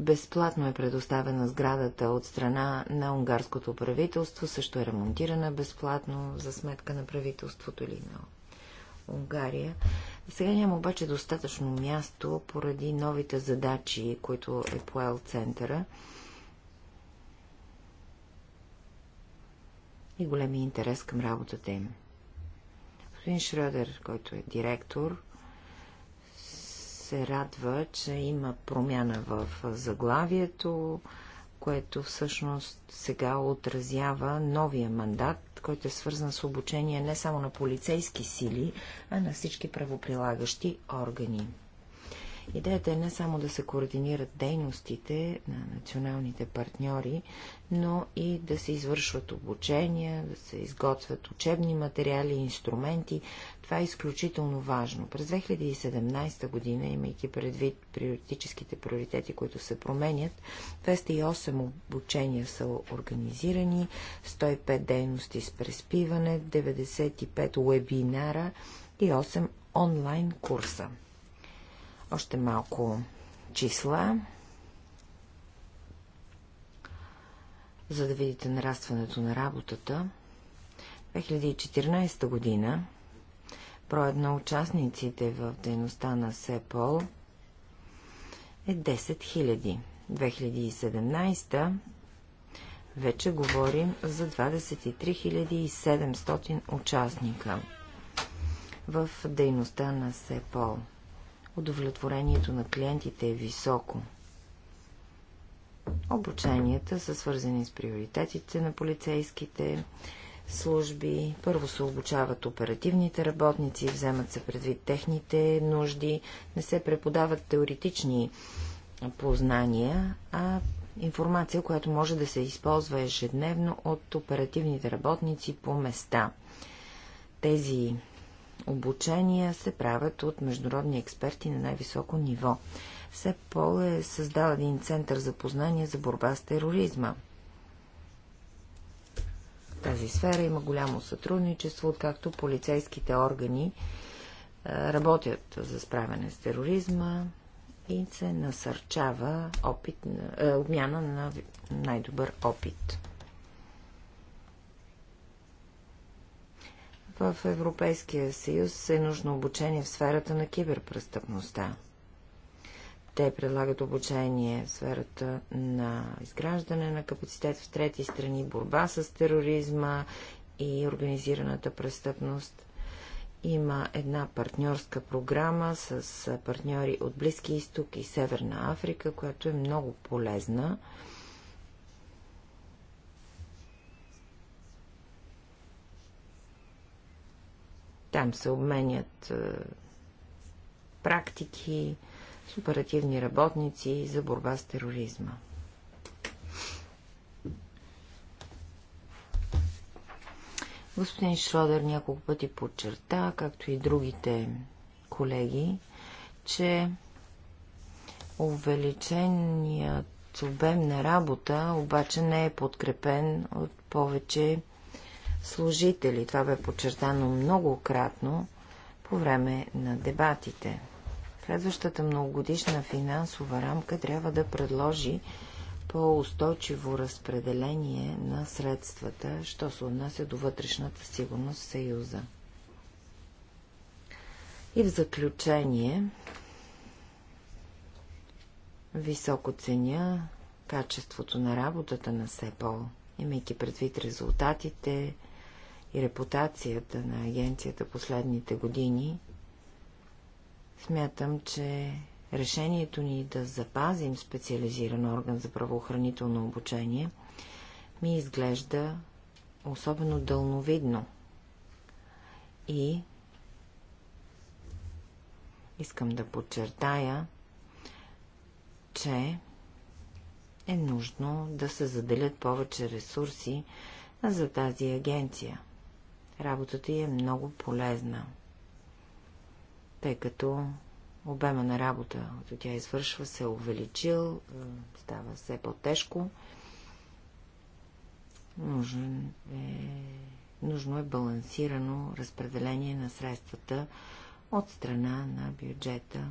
Безплатно е предоставена сградата от страна на унгарското правителство, също е ремонтирана безплатно за сметка на правителството или на Унгария. сега няма обаче достатъчно място поради новите задачи, които е поел центъра. И големи интерес към работата им. Господин Шрёдер, който е директор, се радва, че има промяна в заглавието, което всъщност сега отразява новия мандат, който е свързан с обучение не само на полицейски сили, а на всички правоприлагащи органи. Идеята е не само да се координират дейностите на националните партньори, но и да се извършват обучения, да се изготвят учебни материали, инструменти. Това е изключително важно. През 2017 година, имайки предвид приоритическите приоритети, които се променят, 208 обучения са организирани, 105 дейности с преспиване, 95 вебинара и 8 онлайн курса. Още малко числа, за да видите нарастването на работата. 2014 година броят на участниците в дейността на СЕПОЛ е 10 000. 2017 вече говорим за 23 700 участника в дейността на СЕПОЛ. Удовлетворението на клиентите е високо. Обученията са свързани с приоритетите на полицейските служби. Първо се обучават оперативните работници, вземат се предвид техните нужди, не се преподават теоретични познания, а информация, която може да се използва ежедневно от оперативните работници по места. Тези обучения се правят от международни експерти на най-високо ниво. СЕПОЛ е създал един център за познание за борба с тероризма. В тази сфера има голямо сътрудничество, откакто полицейските органи е, работят за справяне с тероризма и се насърчава опит, е, обмяна на най-добър опит. В Европейския съюз е нужно обучение в сферата на киберпрестъпността. Те предлагат обучение в сферата на изграждане на капацитет в трети страни, борба с тероризма и организираната престъпност. Има една партньорска програма с партньори от Близки изток и Северна Африка, която е много полезна. Там се обменят е, практики с оперативни работници за борба с тероризма. Господин Шродер няколко пъти подчерта, както и другите колеги, че увеличеният обем на работа обаче не е подкрепен от повече служители. Това бе подчертано многократно по време на дебатите. Следващата многогодишна финансова рамка трябва да предложи по-устойчиво разпределение на средствата, що се отнася до вътрешната сигурност в Съюза. И в заключение, високо ценя качеството на работата на СЕПОЛ, имайки предвид резултатите, и репутацията на агенцията последните години, смятам, че решението ни да запазим специализиран орган за правоохранително обучение ми изглежда особено дълновидно. И искам да подчертая, че е нужно да се заделят повече ресурси за тази агенция – Работата й е много полезна, тъй като обема на работа, като тя извършва, се е увеличил, е, става все по-тежко. Нужен е, нужно е балансирано разпределение на средствата от страна на бюджета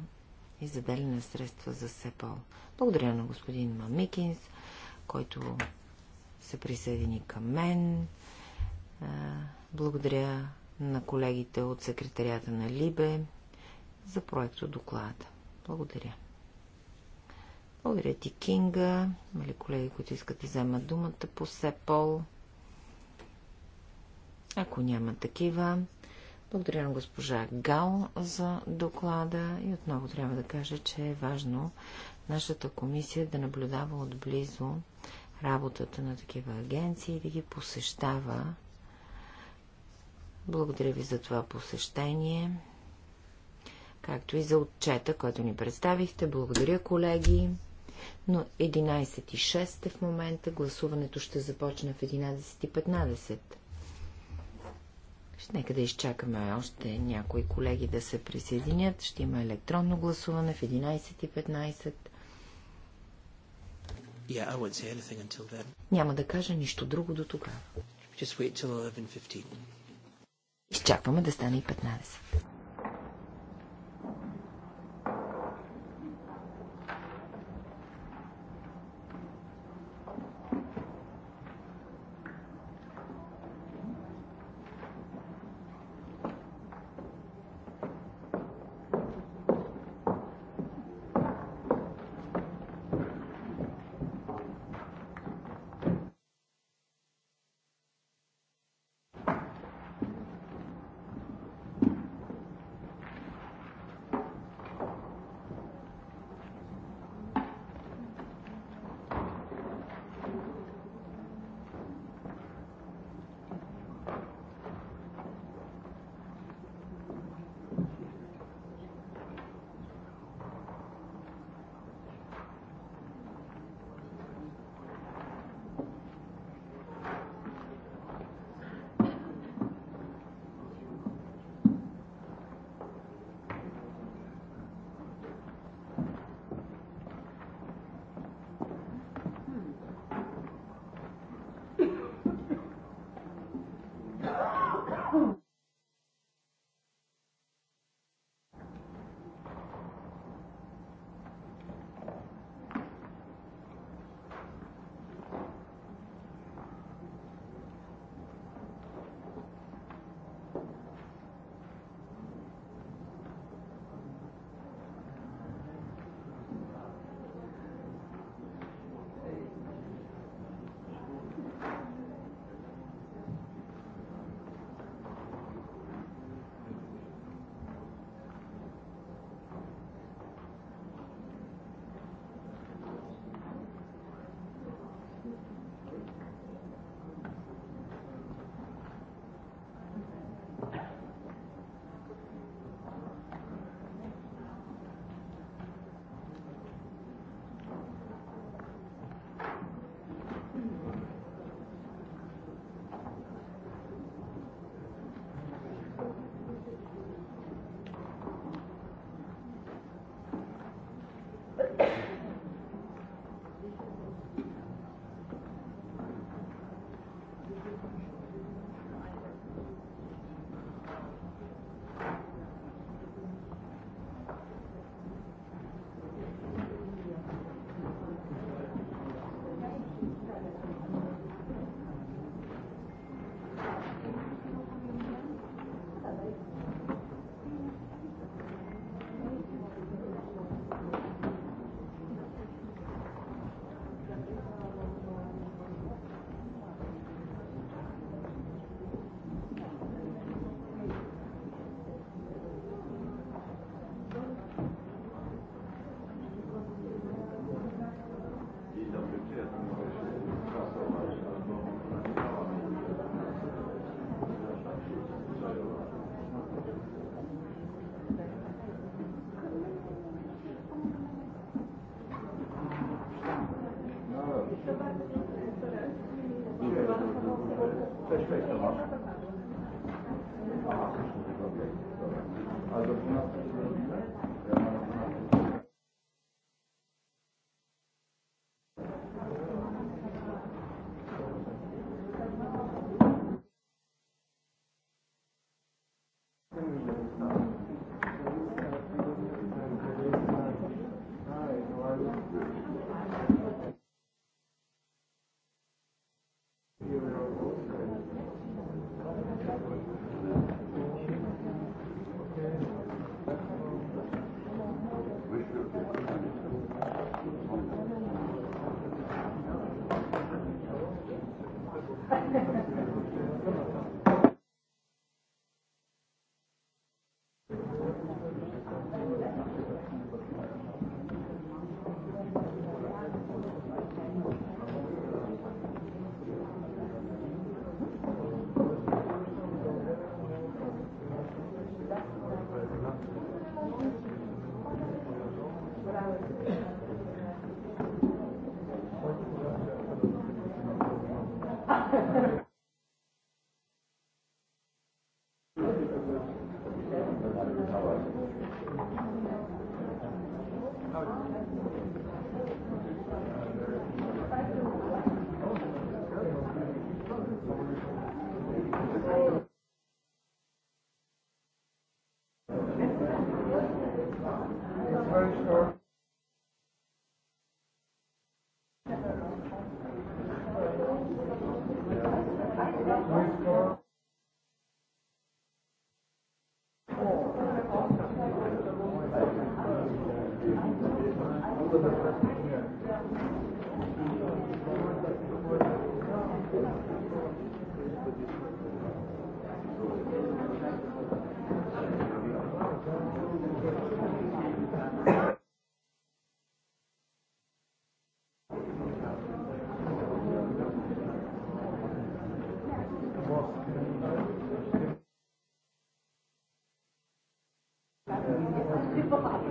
и заделяне средства за СЕПОЛ. Благодаря на господин Мамикинс, който се присъедини към мен благодаря на колегите от секретарията на Либе за проекто доклада. Благодаря. Благодаря ти, Кинга. Има ли колеги, които искат да вземат думата по Сепол? Ако няма такива, благодаря на госпожа Гал за доклада и отново трябва да кажа, че е важно нашата комисия да наблюдава отблизо работата на такива агенции и да ги посещава благодаря ви за това посещение, както и за отчета, който ни представихте. Благодаря, колеги. Но 11.06 е в момента. Гласуването ще започне в 11.15. нека да изчакаме още някои колеги да се присъединят. Ще има електронно гласуване в 11.15. Yeah, Няма да кажа нищо друго до тогава. Just wait till 11.15. Изчакваме да стане и 15.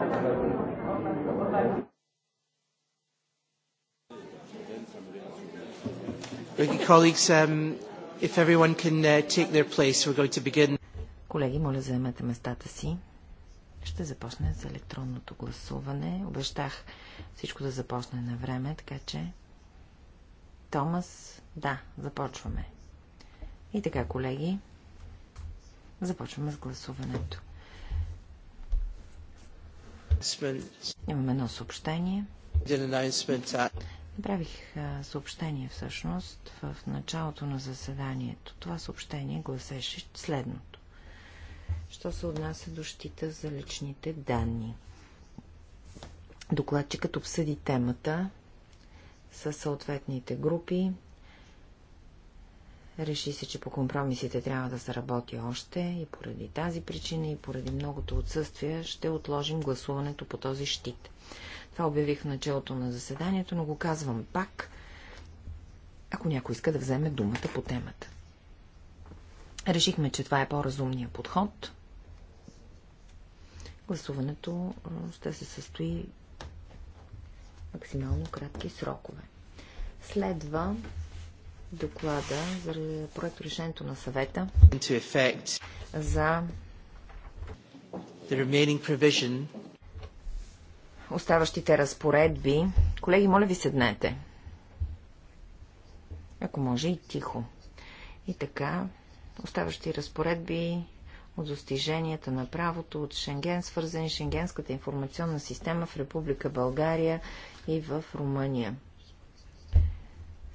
Um, uh, колеги, моля заемете местата си. Ще започне с електронното гласуване. Обещах всичко да започне на време, така че... Томас, да, започваме. И така, колеги, започваме с гласуването. Имаме едно съобщение. Направих съобщение всъщност в началото на заседанието. Това съобщение гласеше следното. Що се отнася до щита за личните данни? Докладчикът обсъди темата със съответните групи, Реши се, че по компромисите трябва да се работи още и поради тази причина и поради многото отсъствия ще отложим гласуването по този щит. Това обявих в началото на заседанието, но го казвам пак, ако някой иска да вземе думата по темата. Решихме, че това е по-разумният подход. Гласуването ще се състои максимално кратки срокове. Следва доклада за проект решението на съвета за оставащите разпоредби. Колеги, моля ви седнете. Ако може и тихо. И така, оставащи разпоредби от достиженията на правото от Шенген, свързани с Шенгенската информационна система в Република България и в Румъния.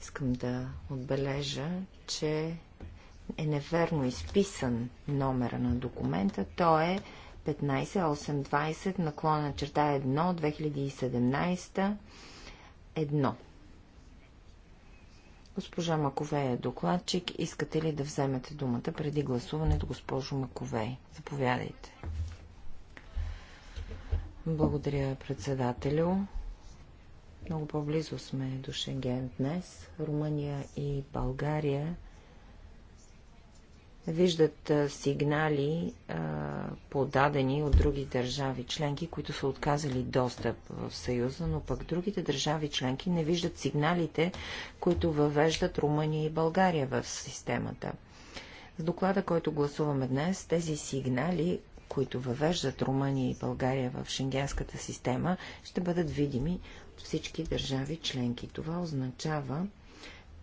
Искам да отбележа, че е неверно изписан номера на документа. Той е 15820 наклона черта 1 2017 1. Госпожа Маковей е докладчик. Искате ли да вземете думата преди гласуването, госпожо Маковей? Заповядайте. Благодаря, председателю. Много по-близо сме до Шенген днес. Румъния и България виждат сигнали подадени от други държави членки, които са отказали достъп в Съюза, но пък другите държави членки не виждат сигналите, които въвеждат Румъния и България в системата. С доклада, който гласуваме днес, тези сигнали, които въвеждат Румъния и България в шенгенската система, ще бъдат видими всички държави членки. Това означава,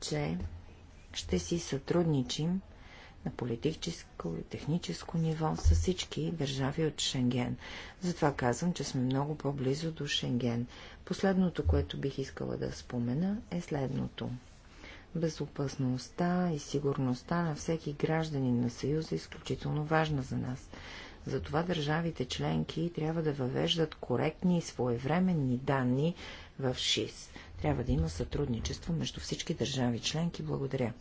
че ще си сътрудничим на политическо и техническо ниво с всички държави от Шенген. Затова казвам, че сме много по-близо до Шенген. Последното, което бих искала да спомена, е следното. Безопасността и сигурността на всеки гражданин на Съюза е изключително важна за нас. Затова държавите членки трябва да въвеждат коректни и своевременни данни в ШИС. Трябва да има сътрудничество между всички държави членки. Благодаря.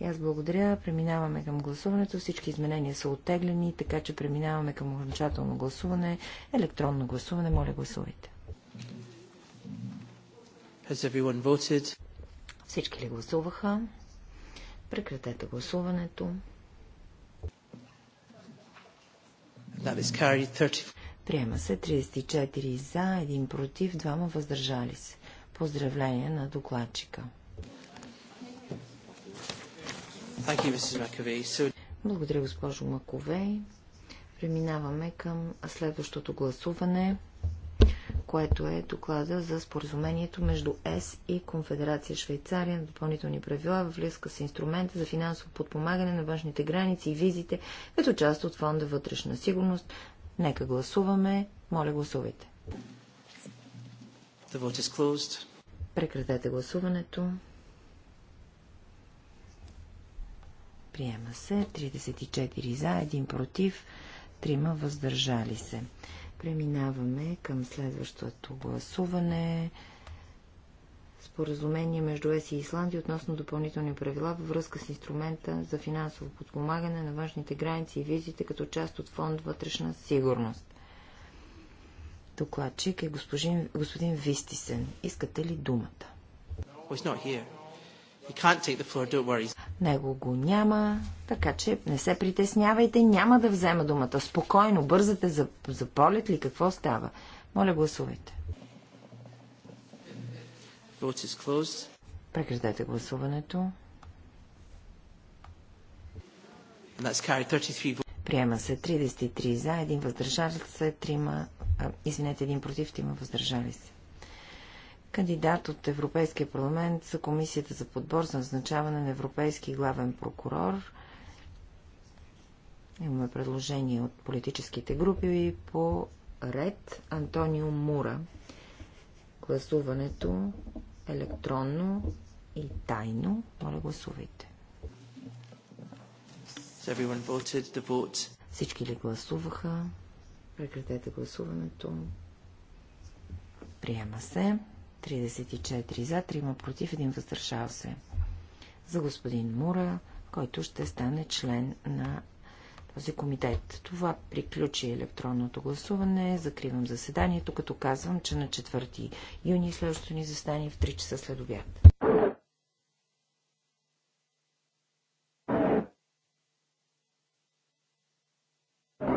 И аз благодаря. Преминаваме към гласуването. Всички изменения са оттеглени, така че преминаваме към окончателно гласуване. Електронно гласуване. Моля, гласувайте. Всички ли гласуваха? Прекратете гласуването. Приема се 34 за, 1 против, 2 въздържали се. Поздравление на докладчика. Благодаря, госпожо Маковей. Преминаваме към следващото гласуване което е доклада за споразумението между ЕС и Конфедерация Швейцария на допълнителни правила във връзка с инструмента за финансово подпомагане на външните граници и визите, като част от фонда вътрешна сигурност. Нека гласуваме. Моля, гласувайте. The vote is closed. Прекратете гласуването. Приема се 34 за, 1 против, 3 въздържали се. Преминаваме към следващото гласуване. Споразумение между ЕС и Исландия относно допълнителни правила във връзка с инструмента за финансово подпомагане на външните граници и визите като част от фонд вътрешна сигурност. Докладчик е господин, господин Вистисен. Искате ли думата? Floor, Него го няма, така че не се притеснявайте, няма да взема думата. Спокойно, бързате за, за полет ли, какво става? Моля, гласувайте. Прекратете гласуването. Приема се 33 за, един въздържал се, трима, извинете, един против, трима въздържали се кандидат от Европейския парламент за Комисията за подбор за назначаване на Европейски главен прокурор. Имаме предложение от политическите групи и по ред Антонио Мура. Гласуването електронно и тайно. Моля, гласувайте. Всички ли гласуваха? Прекратете гласуването. Приема се. 34 за, 3 против, 1 въздържал се. За господин Мура, който ще стане член на този комитет. Това приключи електронното гласуване. Закривам заседанието, като казвам, че на 4 юни следващото ни застане в 3 часа след обяд.